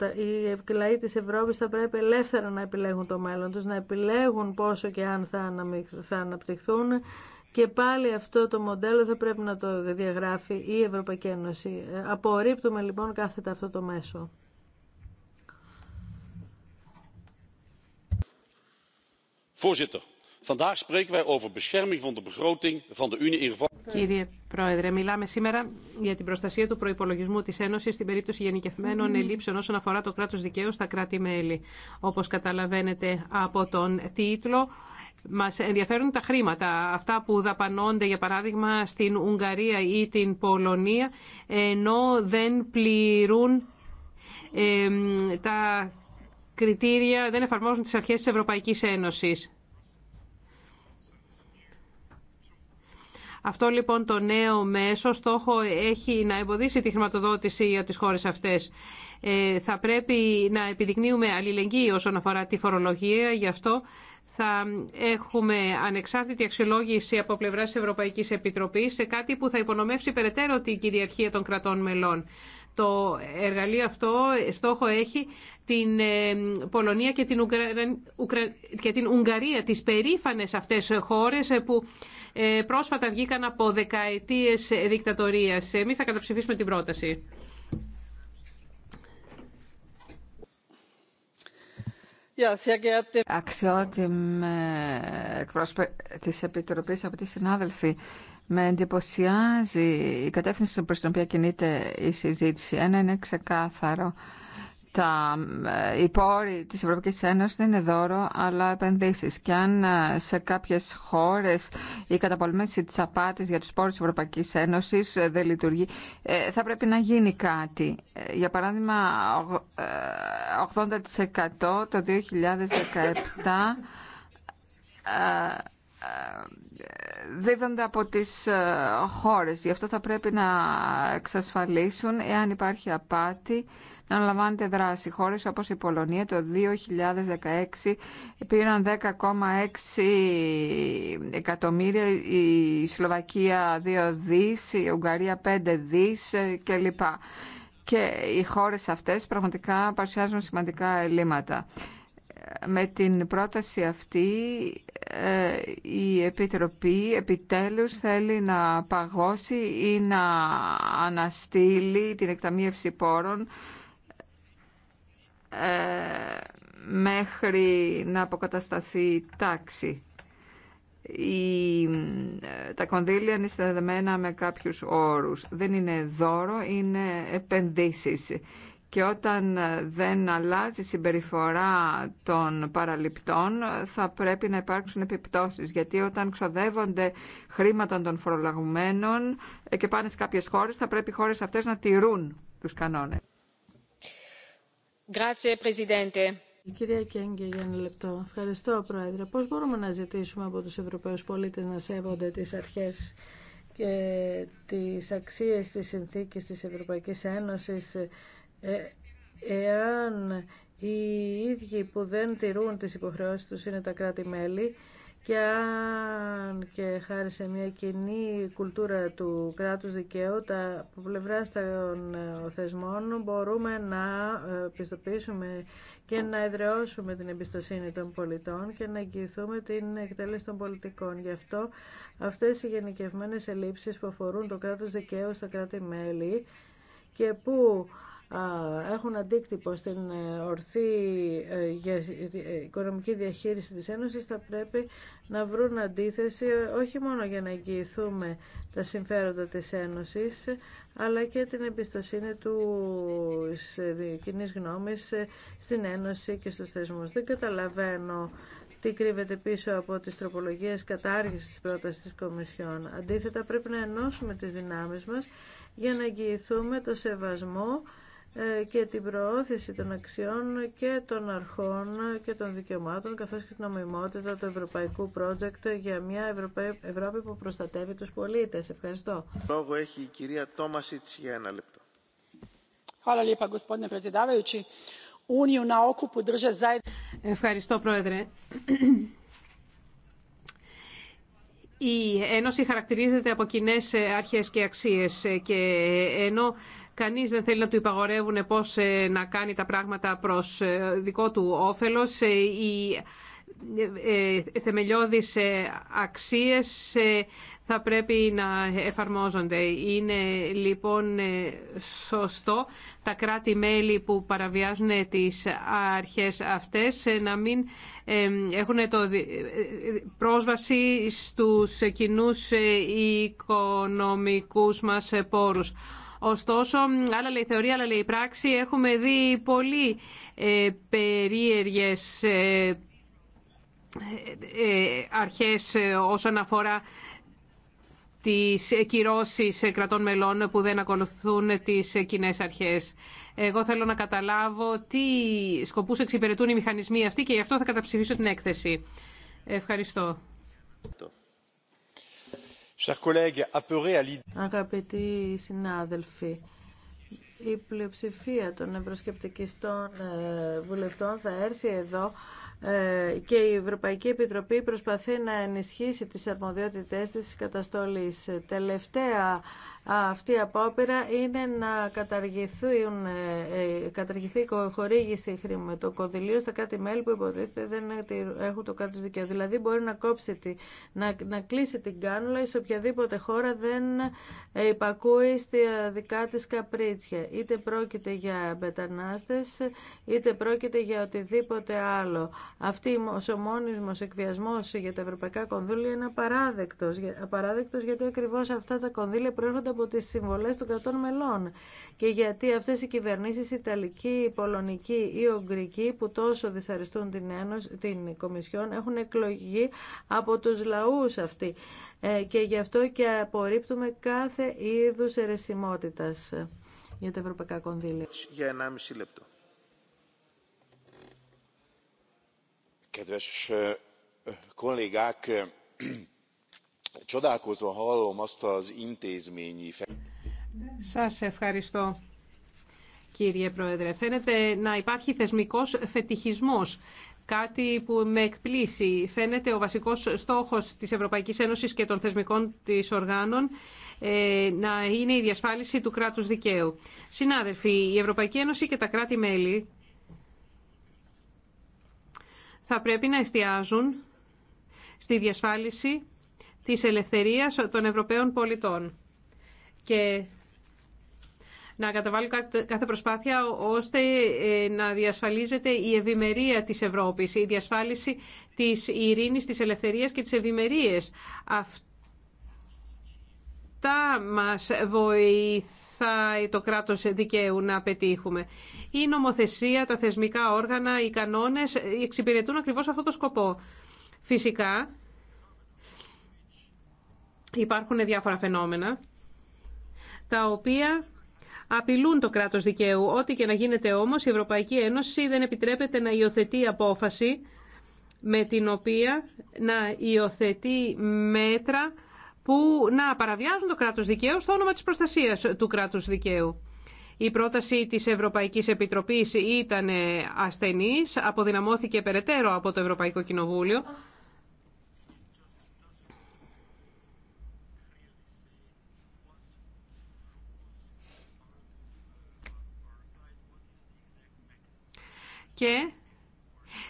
Οι λαοί τη Ευρώπη θα πρέπει ελεύθερα να επιλέγουν το μέλλον τους, να επιλέγουν πόσο και αν θα αναπτυχθούν και πάλι αυτό το μοντέλο θα πρέπει να το διαγράφει η Ευρωπαϊκή Ένωση. Ε, απορρίπτουμε λοιπόν κάθετα αυτό το μέσο. Voorzitter, Vandaag Κύριε Πρόεδρε, μιλάμε σήμερα για την προστασία του προπολογισμού τη Ένωση στην περίπτωση γενικευμένων ελλείψεων όσον αφορά το κράτο δικαίου στα κράτη-μέλη. Όπω καταλαβαίνετε από τον τίτλο, Μα ενδιαφέρουν τα χρήματα, αυτά που δαπανώνται για παράδειγμα στην Ουγγαρία ή την Πολωνία, ενώ δεν πληρούν τα κριτήρια, δεν εφαρμόζουν τι αρχέ τη Ευρωπαϊκή Ένωση. Αυτό λοιπόν το νέο μέσο στόχο έχει να εμποδίσει τη χρηματοδότηση για τις χώρες αυτές. Ε, θα πρέπει να επιδεικνύουμε αλληλεγγύη όσον αφορά τη φορολογία, γι' αυτό θα έχουμε ανεξάρτητη αξιολόγηση από πλευράς Ευρωπαϊκής Ευρωπαϊκή σε κάτι που θα υπονομεύσει περαιτέρω την κυριαρχία των κρατών μελών. Το εργαλείο αυτό στόχο έχει την ε, Πολωνία και την, Ουγγαρία, τις περήφανες αυτές χώρες ε, που ε, πρόσφατα βγήκαν από δεκαετίες δικτατορίας. Εμείς θα καταψηφίσουμε την πρόταση. Αξιότιμη εκπρόσωπε της Επιτροπής, από τη συνάδελφη, με εντυπωσιάζει η κατεύθυνση προς την οποία κινείται η συζήτηση. Ένα είναι ξεκάθαρο. Τα, ε, οι πόροι της Ευρωπαϊκής Ένωσης δεν είναι δώρο, αλλά επενδύσεις. Και αν ε, σε κάποιες χώρες η καταπολέμηση της απάτης για τους πόρους της Ευρωπαϊκής Ένωσης ε, δεν λειτουργεί, θα πρέπει να γίνει κάτι. Για παράδειγμα, 80% το 2017 δίδονται από τις ε, χώρες. Γι' αυτό θα πρέπει να εξασφαλίσουν, εάν υπάρχει απάτη, να λαμβάνεται δράση. Χώρες όπως η Πολωνία το 2016 πήραν 10,6 εκατομμύρια, η Σλοβακία 2 δις, η Ουγγαρία 5 δις ε, κλπ. Και οι χώρες αυτές πραγματικά παρουσιάζουν σημαντικά ελλείμματα με την πρόταση αυτή ε, η Επιτροπή επιτέλους θέλει να παγώσει ή να αναστείλει την εκταμείευση πόρων ε, μέχρι να αποκατασταθεί τάξη. Η, ε, τα κονδύλια είναι συνδεδεμένα με κάποιους όρους. Δεν είναι δώρο, είναι επενδύσεις και όταν ε, δεν αλλάζει η συμπεριφορά των παραληπτών θα πρέπει να υπάρξουν επιπτώσεις γιατί όταν ξοδεύονται χρήματα των φορολογουμένων ε, και πάνε σε κάποιες χώρες θα πρέπει οι χώρες αυτές να τηρούν τους κανόνες. κυρία για ένα λεπτό. Ευχαριστώ, Πρόεδρε. Πώς μπορούμε να ζητήσουμε από τους Ευρωπαίους πολίτες να σέβονται τις αρχές και τις αξίες της συνθήκης της Ευρωπαϊκής Ένωσης ε, εάν οι ίδιοι που δεν τηρούν τις υποχρεώσεις τους είναι τα κράτη-μέλη και αν και χάρη σε μια κοινή κουλτούρα του κράτους δικαίου, τα πλευρά των ε, θεσμών μπορούμε να ε, πιστοποιήσουμε και να εδραιώσουμε την εμπιστοσύνη των πολιτών και να εγγυηθούμε την εκτέλεση των πολιτικών. Γι' αυτό αυτές οι γενικευμένες ελλείψεις που αφορούν το κράτος δικαίου στα κράτη-μέλη και που έχουν αντίκτυπο στην ε, ορθή ε, ε, οικονομική διαχείριση της Ένωσης θα πρέπει να βρουν αντίθεση όχι μόνο για να εγγυηθούμε τα συμφέροντα της Ένωσης αλλά και την εμπιστοσύνη του κοινή γνώμης στην Ένωση και στους θεσμούς. Δεν καταλαβαίνω τι κρύβεται πίσω από τις τροπολογίες κατάργησης της πρότασης της Κομισιόν. Αντίθετα πρέπει να ενώσουμε τις δυνάμεις μας για να εγγυηθούμε το σεβασμό ε, και την προώθηση των αξιών και των αρχών και των δικαιωμάτων καθώς και την ομιμότητα του ευρωπαϊκού project για μια Ευρώπη που προστατεύει τους πολίτες. Ευχαριστώ. Λόγο έχει η κυρία για ένα λεπτό. Ευχαριστώ, Πρόεδρε. Η Ένωση χαρακτηρίζεται από κοινέ αρχές και αξίες και ενώ Κανείς δεν θέλει να του υπαγορεύουν πώς ε, να κάνει τα πράγματα προς ε, δικό του όφελος. Ε, οι θεμελιώδεις αξίες θα πρέπει να εφαρμόζονται. Είναι λοιπόν σωστό τα κράτη-μέλη που παραβιάζουν τις αρχές αυτές να μην έχουν το, πρόσβαση στους κοινούς οικονομικούς μας πόρους. Ωστόσο, άλλα λέει η θεωρία, άλλα λέει η πράξη. Έχουμε δει πολύ ε, περίεργες ε, ε, ε αρχές ε, όσον αφορά τις κυρώσεις κρατών μελών που δεν ακολουθούν τις κοινέ αρχές. Εγώ θέλω να καταλάβω τι σκοπούς εξυπηρετούν οι μηχανισμοί αυτοί και γι' αυτό θα καταψηφίσω την έκθεση. Ευχαριστώ. Αγαπητοί συνάδελφοι, η πλειοψηφία των ευρωσκεπτικιστών ε, βουλευτών θα έρθει εδώ ε, και η Ευρωπαϊκή Επιτροπή προσπαθεί να ενισχύσει τις αρμοδιότητές της καταστολής. Τελευταία αυτή η απόπειρα είναι να ε, ε, καταργηθεί η χορήγηση χρηματοκοδηλίου στα κάτι μέλη που υποτίθεται δεν έχουν το κάτω δικαίωμα. Δηλαδή μπορεί να, κόψει, να, να κλείσει την κάνουλα σε οποιαδήποτε χώρα δεν ε, υπακούει στη δικά τη καπρίτσια. Είτε πρόκειται για μετανάστε, είτε πρόκειται για οτιδήποτε άλλο. Αυτή ο μόνιμο εκβιασμό για τα ευρωπαϊκά κονδύλια είναι απαράδεκτος, γιατί ακριβώ αυτά τα κονδύλια προέρχονται από τις συμβολές των κρατών μελών και γιατί αυτές οι κυβερνήσεις, Ιταλική, Πολωνική ή η η που τόσο δυσαρεστούν την, Ένωση, την Κομισιόν έχουν εκλογεί από τους λαούς αυτοί ε, και γι' αυτό και απορρίπτουμε κάθε είδους αιρεσιμότητας για τα ευρωπαϊκά κονδύλια. Για 1,5 λεπτό. Ε, ε, Csodálkozva Σας ευχαριστώ, κύριε Πρόεδρε. Φαίνεται να υπάρχει θεσμικός φετιχισμός κάτι που με εκπλήσει. Φαίνεται ο βασικός στόχος της Ευρωπαϊκής Ένωσης και των θεσμικών της οργάνων ε, να είναι η διασφάλιση του κράτους δικαίου. Συνάδελφοι, η Ευρωπαϊκή Ένωση και τα κράτη-μέλη θα πρέπει να εστιάζουν στη διασφάλιση της ελευθερίας των Ευρωπαίων πολιτών. Και να καταβάλει κάθε προσπάθεια ώστε ε, να διασφαλίζεται η ευημερία της Ευρώπης, η διασφάλιση της ειρήνης, της ελευθερίας και της ευημερίας. Αυτά μας βοηθάει το κράτος δικαίου να πετύχουμε. Η νομοθεσία, τα θεσμικά όργανα, οι κανόνες εξυπηρετούν ακριβώς αυτό το σκοπό. Φυσικά, υπάρχουν διάφορα φαινόμενα τα οποία απειλούν το κράτος δικαίου. Ό,τι και να γίνεται όμως, η Ευρωπαϊκή Ένωση δεν επιτρέπεται να υιοθετεί απόφαση με την οποία να υιοθετεί μέτρα που να παραβιάζουν το κράτος δικαίου στο όνομα της προστασίας του κράτους δικαίου. Η πρόταση της Ευρωπαϊκής Επιτροπής ήταν ασθενής, αποδυναμώθηκε περαιτέρω από το Ευρωπαϊκό Κοινοβούλιο και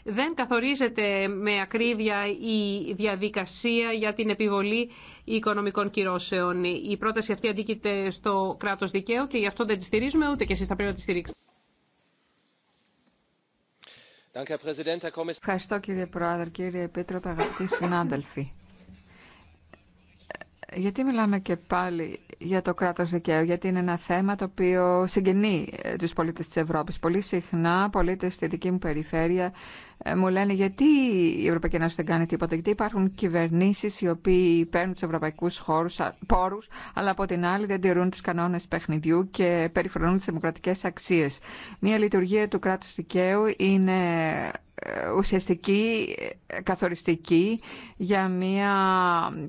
δεν καθορίζεται με ακρίβεια η διαδικασία για την επιβολή οικονομικών κυρώσεων. Η πρόταση αυτή αντίκειται στο κράτος δικαίου και γι' αυτό δεν τη στηρίζουμε, ούτε και εσείς θα πρέπει να τη στηρίξετε. Ευχαριστώ κύριε Πρόεδρε, κύριε Επίτροπε, αγαπητοί συνάδελφοι. Γιατί μιλάμε και πάλι για το κράτος δικαίου, γιατί είναι ένα θέμα το οποίο συγκινεί ε, τους πολίτες της Ευρώπης. Πολύ συχνά πολίτες στη δική μου περιφέρεια ε, μου λένε γιατί η Ευρωπαϊκή Ένωση δεν κάνει τίποτα, γιατί υπάρχουν κυβερνήσεις οι οποίοι παίρνουν τους ευρωπαϊκούς χώρους, πόρους, αλλά από την άλλη δεν τηρούν τους κανόνες παιχνιδιού και περιφρονούν τις δημοκρατικές αξίες. Μία λειτουργία του κράτους δικαίου είναι ουσιαστική, ε, καθοριστική για μια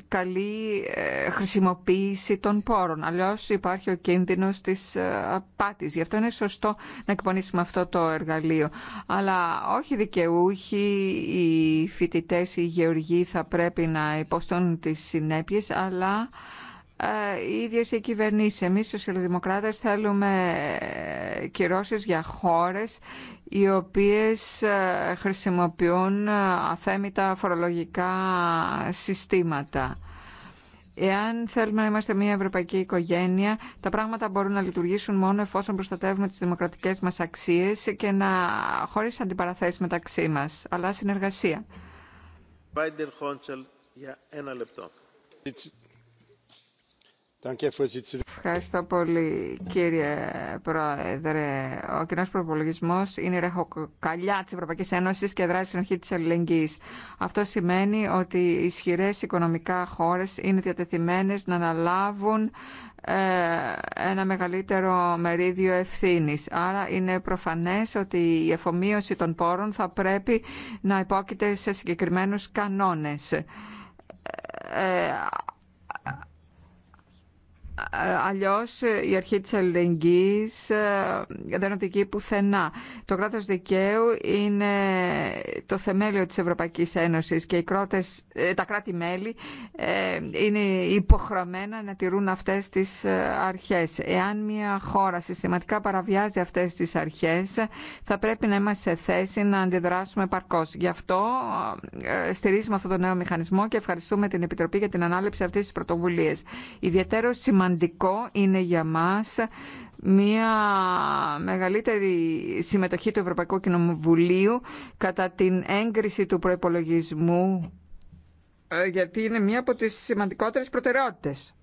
καλή ε, χρησιμοποίηση των πόρων. Αλλιώς υπάρχει ο κίνδυνος της ε, απάτης. Γι' αυτό είναι σωστό να εκπονήσουμε αυτό το εργαλείο. Αλλά όχι δικαιούχοι, οι φοιτητές, οι γεωργοί θα πρέπει να υποστούν τις συνέπειες, αλλά οι ίδιες οι κυβερνήσεις. Εμείς οι σοσιαλδημοκράτες θέλουμε ε, κυρώσεις για χώρες οι οποίες ε, χρησιμοποιούν ε, αθέμητα φορολογικά συστήματα. Εάν θέλουμε να είμαστε μια ευρωπαϊκή οικογένεια, τα πράγματα μπορούν να λειτουργήσουν μόνο εφόσον προστατεύουμε τις δημοκρατικές μας αξίες και να χωρίς αντιπαραθέσεις μεταξύ μα αλλά συνεργασία. Ευχαριστώ πολύ κύριε Πρόεδρε. Ο κοινό προπολογισμό είναι η ρεχοκαλιά τη Ευρωπαϊκή Ένωση και δράσει στην αρχή τη αλληλεγγύη. Αυτό σημαίνει ότι οι ισχυρέ οικονομικά χώρε είναι διατεθειμένε να αναλάβουν ε, ένα μεγαλύτερο μερίδιο ευθύνη. Άρα είναι προφανές ότι η εφομείωση των πόρων θα πρέπει να υπόκειται σε συγκεκριμένους κανόνες. Ε, Αλλιώς η αρχή της αλληλεγγύης ε, δεν οδηγεί πουθενά. Το κράτος δικαίου είναι το θεμέλιο της Ευρωπαϊκής Ένωσης και οι κρότες, ε, τα κράτη-μέλη ε, είναι υποχρεωμένα να τηρούν αυτές τις αρχές. Εάν μια χώρα συστηματικά παραβιάζει αυτές τις αρχές, θα πρέπει να είμαστε σε θέση να αντιδράσουμε παρκώς. Γι' αυτό στηρίζουμε αυτό το νέο μηχανισμό και ευχαριστούμε την Επιτροπή για την ανάληψη αυτής της πρωτοβουλίας. Ιδιαίτερο σημαντικό σημαντικό είναι για μας μια μεγαλύτερη συμμετοχή του Ευρωπαϊκού Κοινοβουλίου κατά την έγκριση του προϋπολογισμού ε, γιατί είναι μία από τις σημαντικότερες προτεραιότητες.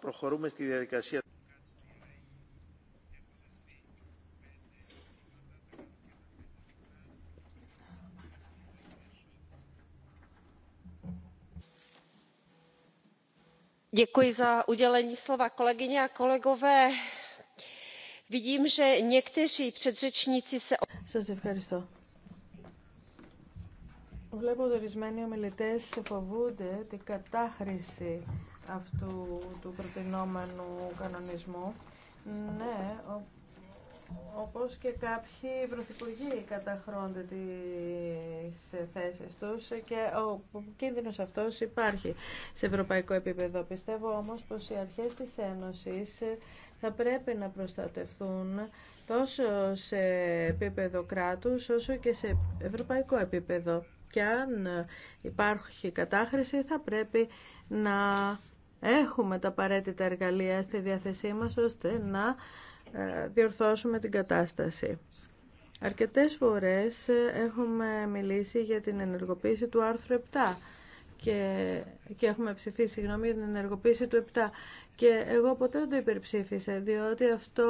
Προχωρούμε στη διαδικασία. Σας ευχαριστώ. Βλέπω ότι ορισμένοι ομιλητέ φοβούνται την κατάχρηση αυτού του προτινόμενου κανονισμού. Ναι, όπως και κάποιοι πρωθυπουργοί καταχρώνται τις θέσεις τους και ο κίνδυνος αυτός υπάρχει σε ευρωπαϊκό επίπεδο. Πιστεύω όμως πως οι αρχές της Ένωσης θα πρέπει να προστατευτούν τόσο σε επίπεδο κράτους όσο και σε ευρωπαϊκό επίπεδο. Και αν υπάρχει κατάχρηση θα πρέπει να έχουμε τα απαραίτητα εργαλεία στη διάθεσή μας ώστε να ε, διορθώσουμε την κατάσταση. Αρκετές φορές ε, έχουμε μιλήσει για την ενεργοποίηση του άρθρου 7 και, και έχουμε ψηφίσει συγγνώμη, για την ενεργοποίηση του 7 και εγώ ποτέ δεν το υπερψήφισα διότι αυτό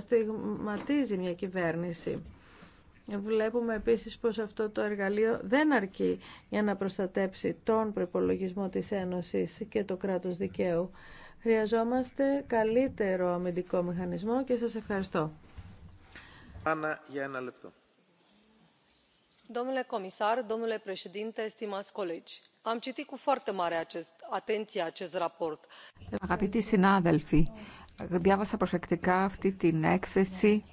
στιγματίζει μια κυβέρνηση. Βλέπουμε επίσης πως αυτό το εργαλείο δεν αρκεί για να προστατέψει τον προπολογισμό της Ένωσης και το κράτος δικαίου. Χρειαζόμαστε καλύτερο αμυντικό μηχανισμό και σας ευχαριστώ. για ένα λεπτό. Αγαπητοί συνάδελφοι, διάβασα προσεκτικά αυτή την έκθεση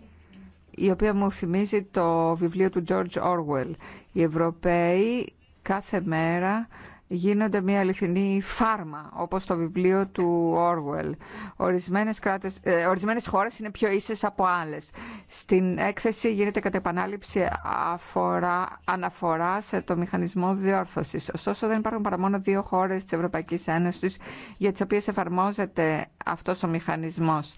η οποία μου θυμίζει το βιβλίο του George Orwell. Οι Ευρωπαίοι κάθε μέρα γίνονται μια αληθινή φάρμα, όπως το βιβλίο του Orwell. Ορισμένες, κράτες, ε, ορισμένες χώρες είναι πιο ίσες από άλλες. Στην έκθεση γίνεται κατά επανάληψη αφορά, αναφορά σε το μηχανισμό διόρθωσης. Ωστόσο δεν υπάρχουν παρά μόνο δύο χώρες της Ευρωπαϊκής Ένωσης για τις οποίες εφαρμόζεται αυτός ο μηχανισμός.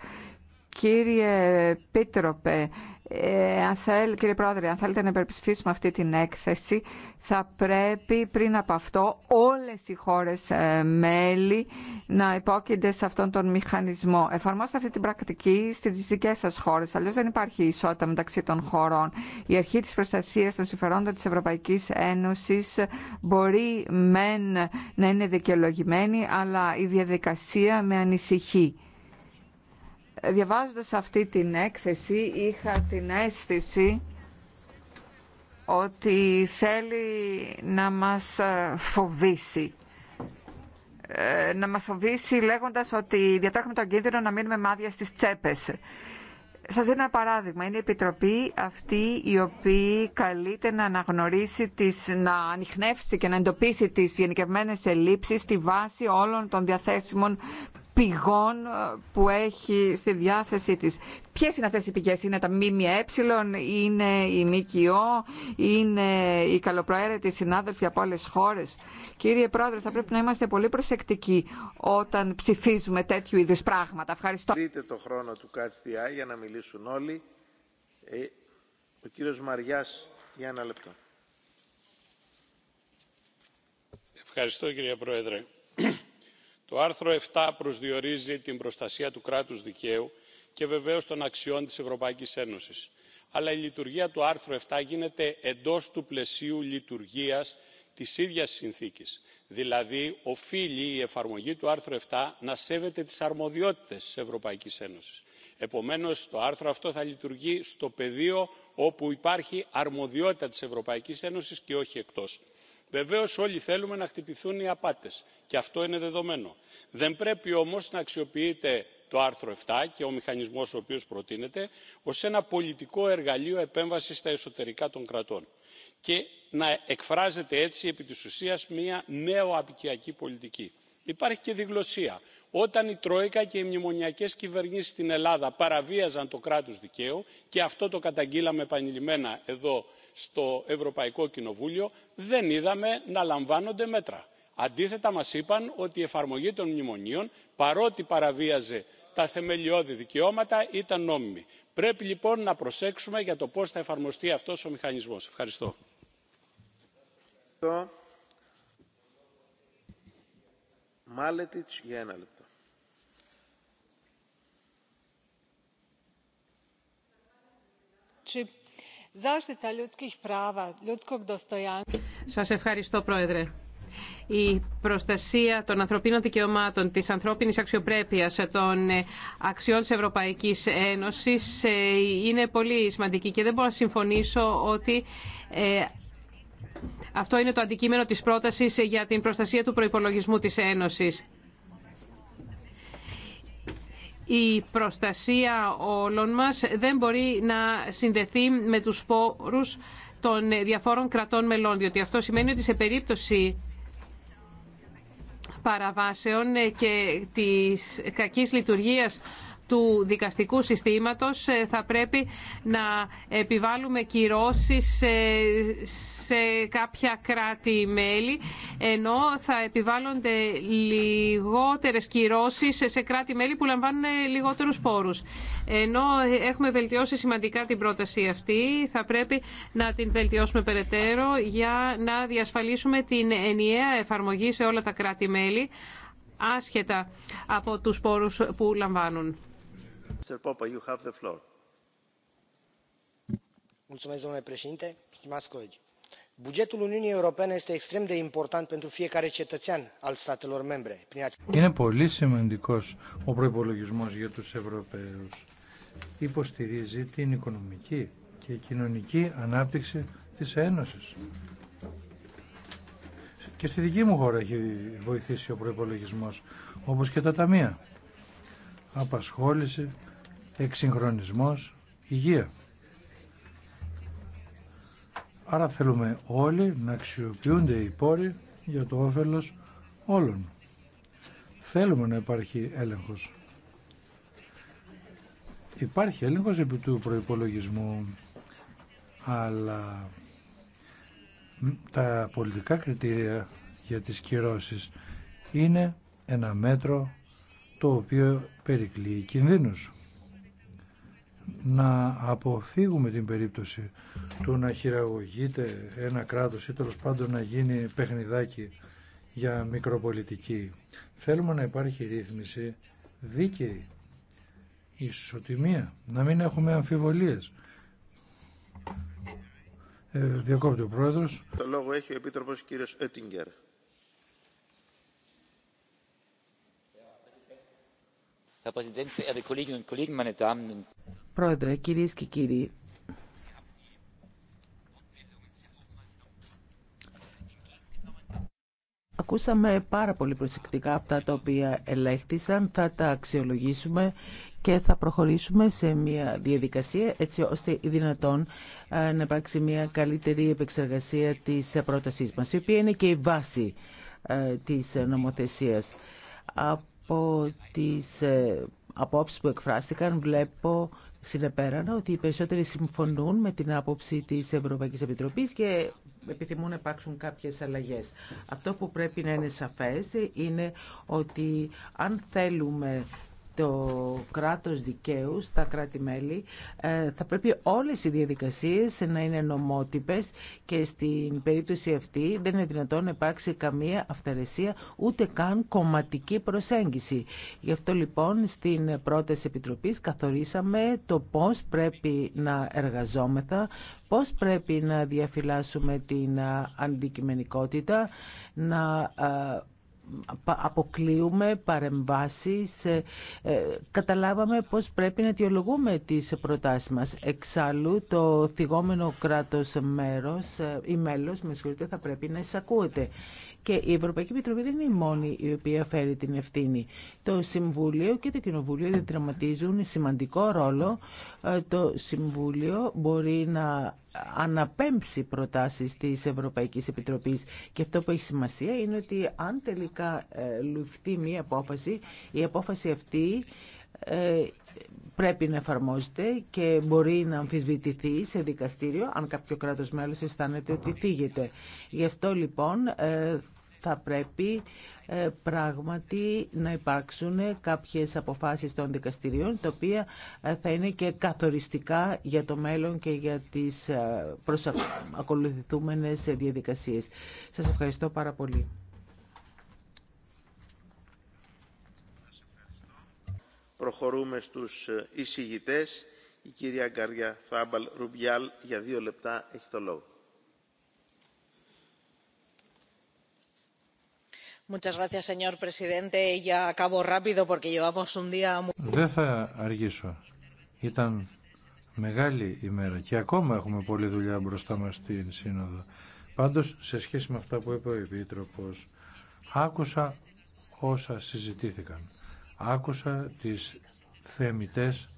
Κύριε Πίτροπε, ε, αν θέλ, κύριε Πρόεδρε, αν θέλετε να υπερψηφίσουμε αυτή την έκθεση, θα πρέπει πριν από αυτό όλες οι χώρες ε, μέλη να υπόκεινται σε αυτόν τον μηχανισμό. Εφαρμόστε αυτή την πρακτική στις δικές σας χώρες, αλλιώς δεν υπάρχει ισότητα μεταξύ των χωρών. Η αρχή της προστασίας των συμφερόντων της Ευρωπαϊκής Ένωσης μπορεί μεν να είναι δικαιολογημένη, αλλά η διαδικασία με ανησυχεί. Διαβάζοντας αυτή την έκθεση είχα την αίσθηση ότι θέλει να μας ε, φοβήσει. Ε, να μας φοβήσει λέγοντας ότι διατρέχουμε τον κίνδυνο να μείνουμε μάδια στις τσέπες. Σας δίνω ένα παράδειγμα. Είναι η Επιτροπή αυτή η οποία καλείται να αναγνωρίσει, τις, να ανοιχνεύσει και να εντοπίσει τις γενικευμένες ελλείψεις στη βάση όλων των διαθέσιμων πηγών ε, που έχει στη διάθεσή της. Ποιες είναι αυτές οι πηγές, είναι τα ΜΜΕ, είναι η ΜΚΟ, είναι οι καλοπροαίρετοι συνάδελφοι από άλλες χώρες. Κύριε Πρόεδρε, θα πρέπει να είμαστε πολύ προσεκτικοί όταν ψηφίζουμε τέτοιου είδους πράγματα. Ευχαριστώ. Δείτε το χρόνο του ΚΑΤΣΤΙΑ για να μιλήσουν όλοι. Ε, ο κύριος Μαριάς, για ένα λεπτό. Ευχαριστώ κύριε Πρόεδρε το άρθρο 7 προσδιορίζει την προστασία του κράτους δικαίου και βεβαίως των αξιών της ευρωπαϊκής ένωσης αλλά η λειτουργία του άρθρου 7 γίνεται εντός του πλαισίου λειτουργίας της ίδιας συνθήκης δηλαδή οφείλει η εφαρμογή του άρθρου 7 να σέβεται τις αρμοδιότητες της ευρωπαϊκής ένωσης. επομένως το άρθρο αυτό θα λειτουργεί στο πεδίο όπου υπάρχει αρμοδιότητα της ευρωπαϊκής ένωσης και όχι εκτός βεβαίω όλοι θέλουμε να χτυπηθούν οι απάτες και αυτό είναι δεδομένο. δεν πρέπει όμως να αξιοποιείται το άρθρο 7 και ο μηχανισμός ο οποίος προτείνεται ως ένα πολιτικό εργαλείο επέμβασης στα εσωτερικά των κρατών και να εκφράζεται έτσι επί της ουσίας μια νέο-απικιακή πολιτική. υπάρχει και διγλωσία όταν η τρόικα και οι μνημονιακές κυβερνήσεις στην ελλάδα παραβίαζαν το κράτος δικαίου και αυτό το καταγγείλαμε επανειλημμένα εδώ στο ευρωπαϊκό κοινοβούλιο δεν είδαμε να λαμβάνονται μέτρα. αντίθετα μας είπαν ότι η εφαρμογή των μνημονίων παρότι παραβίαζε τα θεμελιώδη δικαιώματα ήταν νόμιμη. πρέπει λοιπόν να προσέξουμε για το πώς θα εφαρμοστεί αυτός ο μηχανισμός. ευχαριστώ. Σα ευχαριστώ, Πρόεδρε. Η προστασία των ανθρωπίνων δικαιωμάτων, της ανθρώπινης αξιοπρέπειας, των ε, αξιών της Ευρωπαϊκής Ένωσης ε, είναι πολύ σημαντική και δεν μπορώ να συμφωνήσω ότι ε, αυτό είναι το αντικείμενο της πρότασης για την προστασία του προϋπολογισμού της Ένωσης η προστασία όλων μας δεν μπορεί να συνδεθεί με τους πόρους των διαφόρων κρατών μελών, διότι αυτό σημαίνει ότι σε περίπτωση παραβάσεων και της κακής λειτουργίας του δικαστικού συστήματος ε, θα πρέπει να επιβάλλουμε κυρώσεις ε, σε, κάποια κράτη-μέλη ενώ θα επιβάλλονται λιγότερες κυρώσεις σε κράτη-μέλη που λαμβάνουν ε, λιγότερους πόρους. Ενώ έχουμε βελτιώσει σημαντικά την πρόταση αυτή, θα πρέπει να την βελτιώσουμε περαιτέρω για να διασφαλίσουμε την ενιαία εφαρμογή σε όλα τα κράτη-μέλη άσχετα από τους πόρους που λαμβάνουν domnule președinte stimați colegi bugetul uniunii europene este extrem de important pentru fiecare cetățean al statelor membre. Είναι πολύ σημαντικός ο προϋπολογισμός για τους Ευρωπαίους. Υποστηρίζει την οικονομική και κοινωνική ανάπτυξη της Ένωσης. Και στη δική μου χώρα έχει βοηθήσει ο προϋπολογισμός, όπως και τα ταμεία. Απασχόληση, εξυγχρονισμός, υγεία. Άρα θέλουμε όλοι να αξιοποιούνται οι πόροι για το όφελος όλων. Θέλουμε να υπάρχει έλεγχος. Υπάρχει έλεγχος επί του προϋπολογισμού, αλλά τα πολιτικά κριτήρια για τις κυρώσεις είναι ένα μέτρο το οποίο περικλεί κινδύνους να αποφύγουμε την περίπτωση του να χειραγωγείται ένα κράτος ή τέλο πάντων να γίνει παιχνιδάκι για μικροπολιτική. Θέλουμε να υπάρχει ρύθμιση δίκαιη, ισοτιμία, να μην έχουμε αμφιβολίες. Ε, διακόπτει ο Πρόεδρος. Το λόγο έχει ο Επίτροπος κύριος Έτιγκερ. Herr Präsident, verehrte Kolleginnen und Kollegen, meine Damen und Πρόεδρε, κυρίες και κύριοι, Ακούσαμε πάρα πολύ προσεκτικά αυτά τα οποία ελέγχθησαν, θα τα αξιολογήσουμε και θα προχωρήσουμε σε μια διαδικασία έτσι ώστε η δυνατόν ε, να υπάρξει μια καλύτερη επεξεργασία της πρότασής μας, η οποία είναι και η βάση ε, της νομοθεσίας. Από τις ε, απόψεις που εκφράστηκαν βλέπω συνεπέραν ότι οι περισσότεροι συμφωνούν με την άποψη της Ευρωπαϊκής Επιτροπής και επιθυμούν να υπάρξουν κάποιες αλλαγές. Αυτό που πρέπει να είναι σαφές είναι ότι αν θέλουμε το κράτος δικαίου στα κράτη-μέλη ε, θα πρέπει όλες οι διαδικασίες να είναι νομότυπες και στην περίπτωση αυτή δεν είναι δυνατόν να υπάρξει καμία αυθαιρεσία ούτε καν κομματική προσέγγιση. Γι' αυτό λοιπόν στην πρόταση Επιτροπής καθορίσαμε το πώς πρέπει να εργαζόμεθα, πώς πρέπει να διαφυλάσσουμε την αντικειμενικότητα, να ε, αποκλείουμε παρεμβάσεις. Ε, ε, καταλάβαμε πώς πρέπει να αιτιολογούμε τις προτάσεις μας. Εξάλλου, το θυγόμενο κράτος μέρος ε, ή μέλος, με θα πρέπει να εισακούεται. Και η Ευρωπαϊκή Επιτροπή δεν είναι η μόνη η οποία φέρει την ευθύνη. Το Συμβούλιο και το Κοινοβούλιο διαδραματίζουν σημαντικό ρόλο. Ε, το Συμβούλιο μπορεί να αναπέμψει προτάσεις της Ευρωπαϊκής Επιτροπής. Και αυτό που έχει σημασία είναι ότι αν τελικά ε, λουφθεί μία απόφαση, η απόφαση αυτή ε, πρέπει να εφαρμόζεται και μπορεί να αμφισβητηθεί σε δικαστήριο αν κάποιο κράτος μέλος αισθάνεται ότι φύγεται. Γι' αυτό λοιπόν ε, θα πρέπει ε, πράγματι να υπάρξουν κάποιες αποφάσεις των δικαστηρίων τα οποία θα είναι και καθοριστικά για το μέλλον και για τις προσακολουθούμενες διαδικασίες. Σας ευχαριστώ πάρα πολύ. Προχωρούμε στους ε, εισηγητές. Η κυρία Γκάρια Θάμπαλ Ρουμπιάλ για δύο λεπτά έχει το λόγο. Δεν θα αργήσω. Ήταν μεγάλη ημέρα και ακόμα έχουμε πολλή δουλειά μπροστά μας στην Σύνοδο. Πάντως, σε σχέση με αυτά που είπε ο Επίτροπος, άκουσα όσα συζητήθηκαν άκουσα τις θεμητές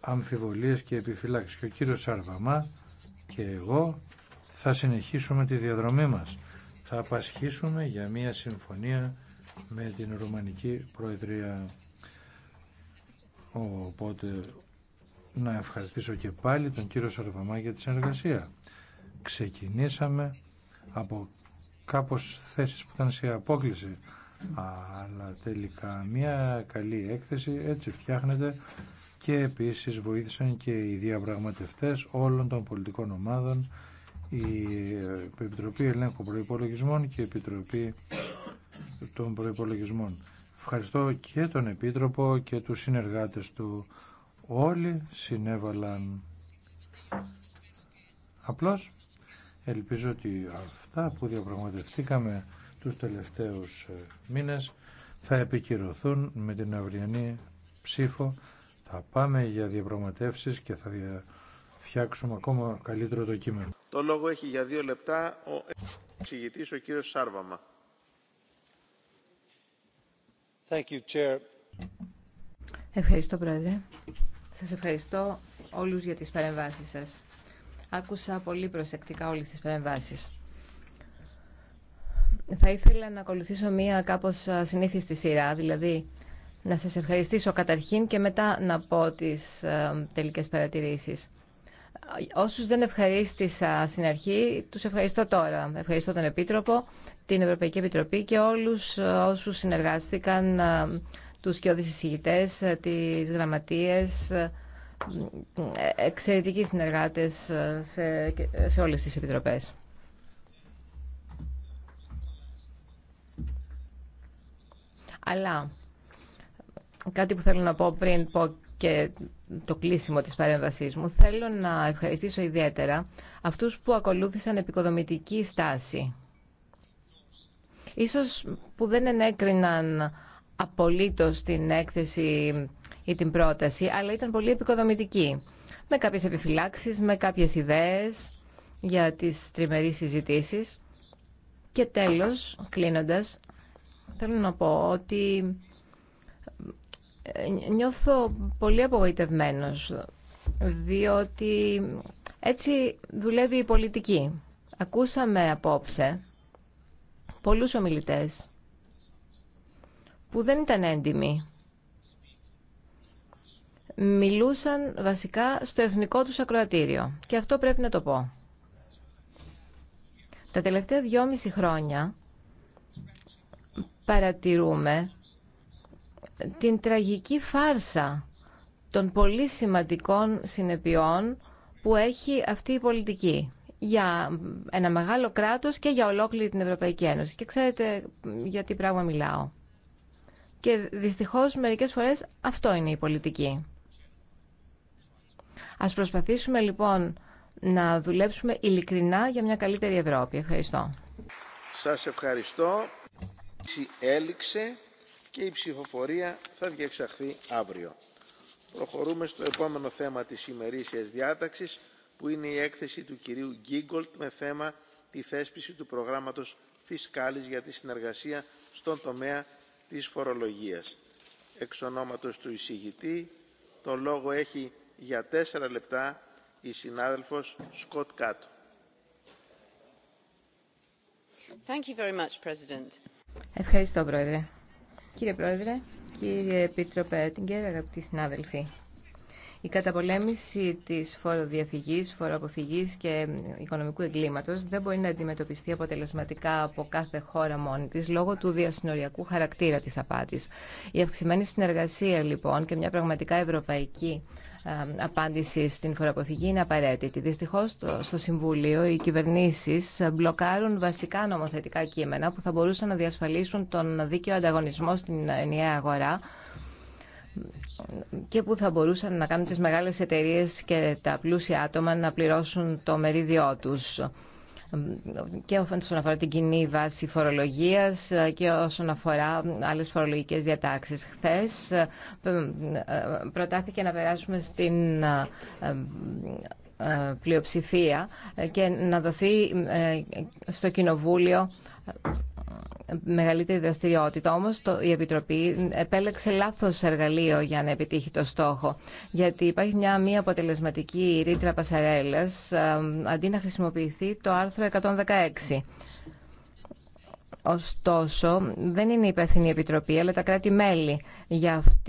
αμφιβολίες και επιφυλάξεις και ο κύριος Σαρβαμά και εγώ θα συνεχίσουμε τη διαδρομή μας θα απασχίσουμε για μια συμφωνία με την Ρουμανική Προεδρία οπότε να ευχαριστήσω και πάλι τον κύριο Σαρβαμά για τη συνεργασία ξεκινήσαμε από κάπως θέσεις που ήταν σε απόκληση αλλά τελικά μια καλή έκθεση έτσι φτιάχνεται και επίσης βοήθησαν και οι διαπραγματευτές όλων των πολιτικών ομάδων η Επιτροπή Ελέγχου Προϋπολογισμών και η Επιτροπή των Προϋπολογισμών. Ευχαριστώ και τον Επίτροπο και τους συνεργάτες του. Όλοι συνέβαλαν απλώς. Ελπίζω ότι αυτά που διαπραγματευτήκαμε τους τελευταίους ε, μήνες θα επικυρωθούν με την αυριανή ψήφο. Θα πάμε για διαπραγματεύσεις και θα φτιάξουμε ακόμα καλύτερο το κείμενο. Το λόγο έχει για δύο λεπτά ο εξηγητής ο κύριος Σάρβαμα. Thank you, Chair. Ευχαριστώ, Πρόεδρε. Σας ευχαριστώ όλους για τις παρεμβάσεις σας. Άκουσα πολύ προσεκτικά όλες τις παρεμβάσεις. Θα ήθελα να ακολουθήσω μία κάπως συνήθιστη σειρά, δηλαδή να σας ευχαριστήσω καταρχήν και μετά να πω τις τελικές παρατηρήσεις. Όσους δεν ευχαρίστησα στην αρχή, τους ευχαριστώ τώρα. Ευχαριστώ τον Επίτροπο, την Ευρωπαϊκή Επιτροπή και όλους όσους συνεργάστηκαν, τους κοιόδης εισηγητές, τις γραμματείες, ε, εξαιρετικοί συνεργάτες σε όλες τις επιτροπές. Αλλά κάτι που θέλω να πω πριν πω και το κλείσιμο της παρέμβασής μου, θέλω να ευχαριστήσω ιδιαίτερα αυτούς που ακολούθησαν επικοδομητική στάση. Ίσως που δεν ενέκριναν απολύτως την έκθεση ή την πρόταση, αλλά ήταν πολύ επικοδομητικοί. Με κάποιες επιφυλάξεις, με κάποιες ιδέες για τις τριμερείς συζητήσεις. Και τέλος, κλείνοντας, Θέλω να πω ότι ε, νιώθω πολύ απογοητευμένος, διότι έτσι δουλεύει η πολιτική. Ακούσαμε απόψε πολλούς ομιλητές που δεν ήταν έντιμοι. Μιλούσαν βασικά στο εθνικό τους ακροατήριο. Και αυτό πρέπει να το πω. Τα τελευταία δυόμιση χρόνια παρατηρούμε την τραγική φάρσα των πολύ σημαντικών συνεπειών που έχει αυτή η πολιτική για ένα μεγάλο κράτος και για ολόκληρη την Ευρωπαϊκή Ένωση. Και ξέρετε για τι πράγμα μιλάω. Και δυστυχώς μερικές φορές αυτό είναι η πολιτική. Ας προσπαθήσουμε λοιπόν να δουλέψουμε ειλικρινά για μια καλύτερη Ευρώπη. Ευχαριστώ. Σας ευχαριστώ έληξε και η ψηφοφορία θα διεξαχθεί αύριο. Προχωρούμε στο επόμενο θέμα της ημερήσιας διάταξης που είναι η έκθεση του κυρίου Γκίγκολτ με θέμα τη θέσπιση του προγράμματος Φισκάλης για τη συνεργασία στον τομέα της φορολογίας. Εξ του εισηγητή, το λόγο έχει για τέσσερα λεπτά η συνάδελφος Σκοτ Κάτου. Thank you very much, President. Ευχαριστώ, Πρόεδρε. Κύριε Πρόεδρε, κύριε Επίτροπε Έτιγκερ, αγαπητοί συνάδελφοι. Η καταπολέμηση τη φοροδιαφυγή, φοροαποφυγή και οικονομικού εγκλήματος δεν μπορεί να αντιμετωπιστεί αποτελεσματικά από κάθε χώρα μόνη τη λόγω του διασυνοριακού χαρακτήρα τη απάτης. Η αυξημένη συνεργασία λοιπόν και μια πραγματικά ευρωπαϊκή ε, απάντηση στην φοροαποφυγή είναι απαραίτητη. Δυστυχώ στο Συμβούλιο οι κυβερνήσει μπλοκάρουν βασικά νομοθετικά κείμενα που θα μπορούσαν να διασφαλίσουν τον δίκαιο ανταγωνισμό στην ενιαία αγορά και που θα μπορούσαν να κάνουν τις μεγάλες εταιρείες και τα πλούσια άτομα να πληρώσουν το μερίδιό τους και όσον αφορά την κοινή βάση φορολογίας και όσον αφορά άλλες φορολογικές διατάξεις. Χθε ε, προτάθηκε να περάσουμε στην ε, ε, πλειοψηφία και να δοθεί στο Κοινοβούλιο μεγαλύτερη δραστηριότητα. Όμως η Επιτροπή επέλεξε λάθος εργαλείο για να επιτύχει το στόχο. Γιατί υπάρχει μια μη αποτελεσματική ρήτρα πασαρέλα αντί να χρησιμοποιηθεί το άρθρο 116. Ωστόσο, δεν είναι υπεύθυνη η Επιτροπή, αλλά τα κράτη-μέλη για αυτή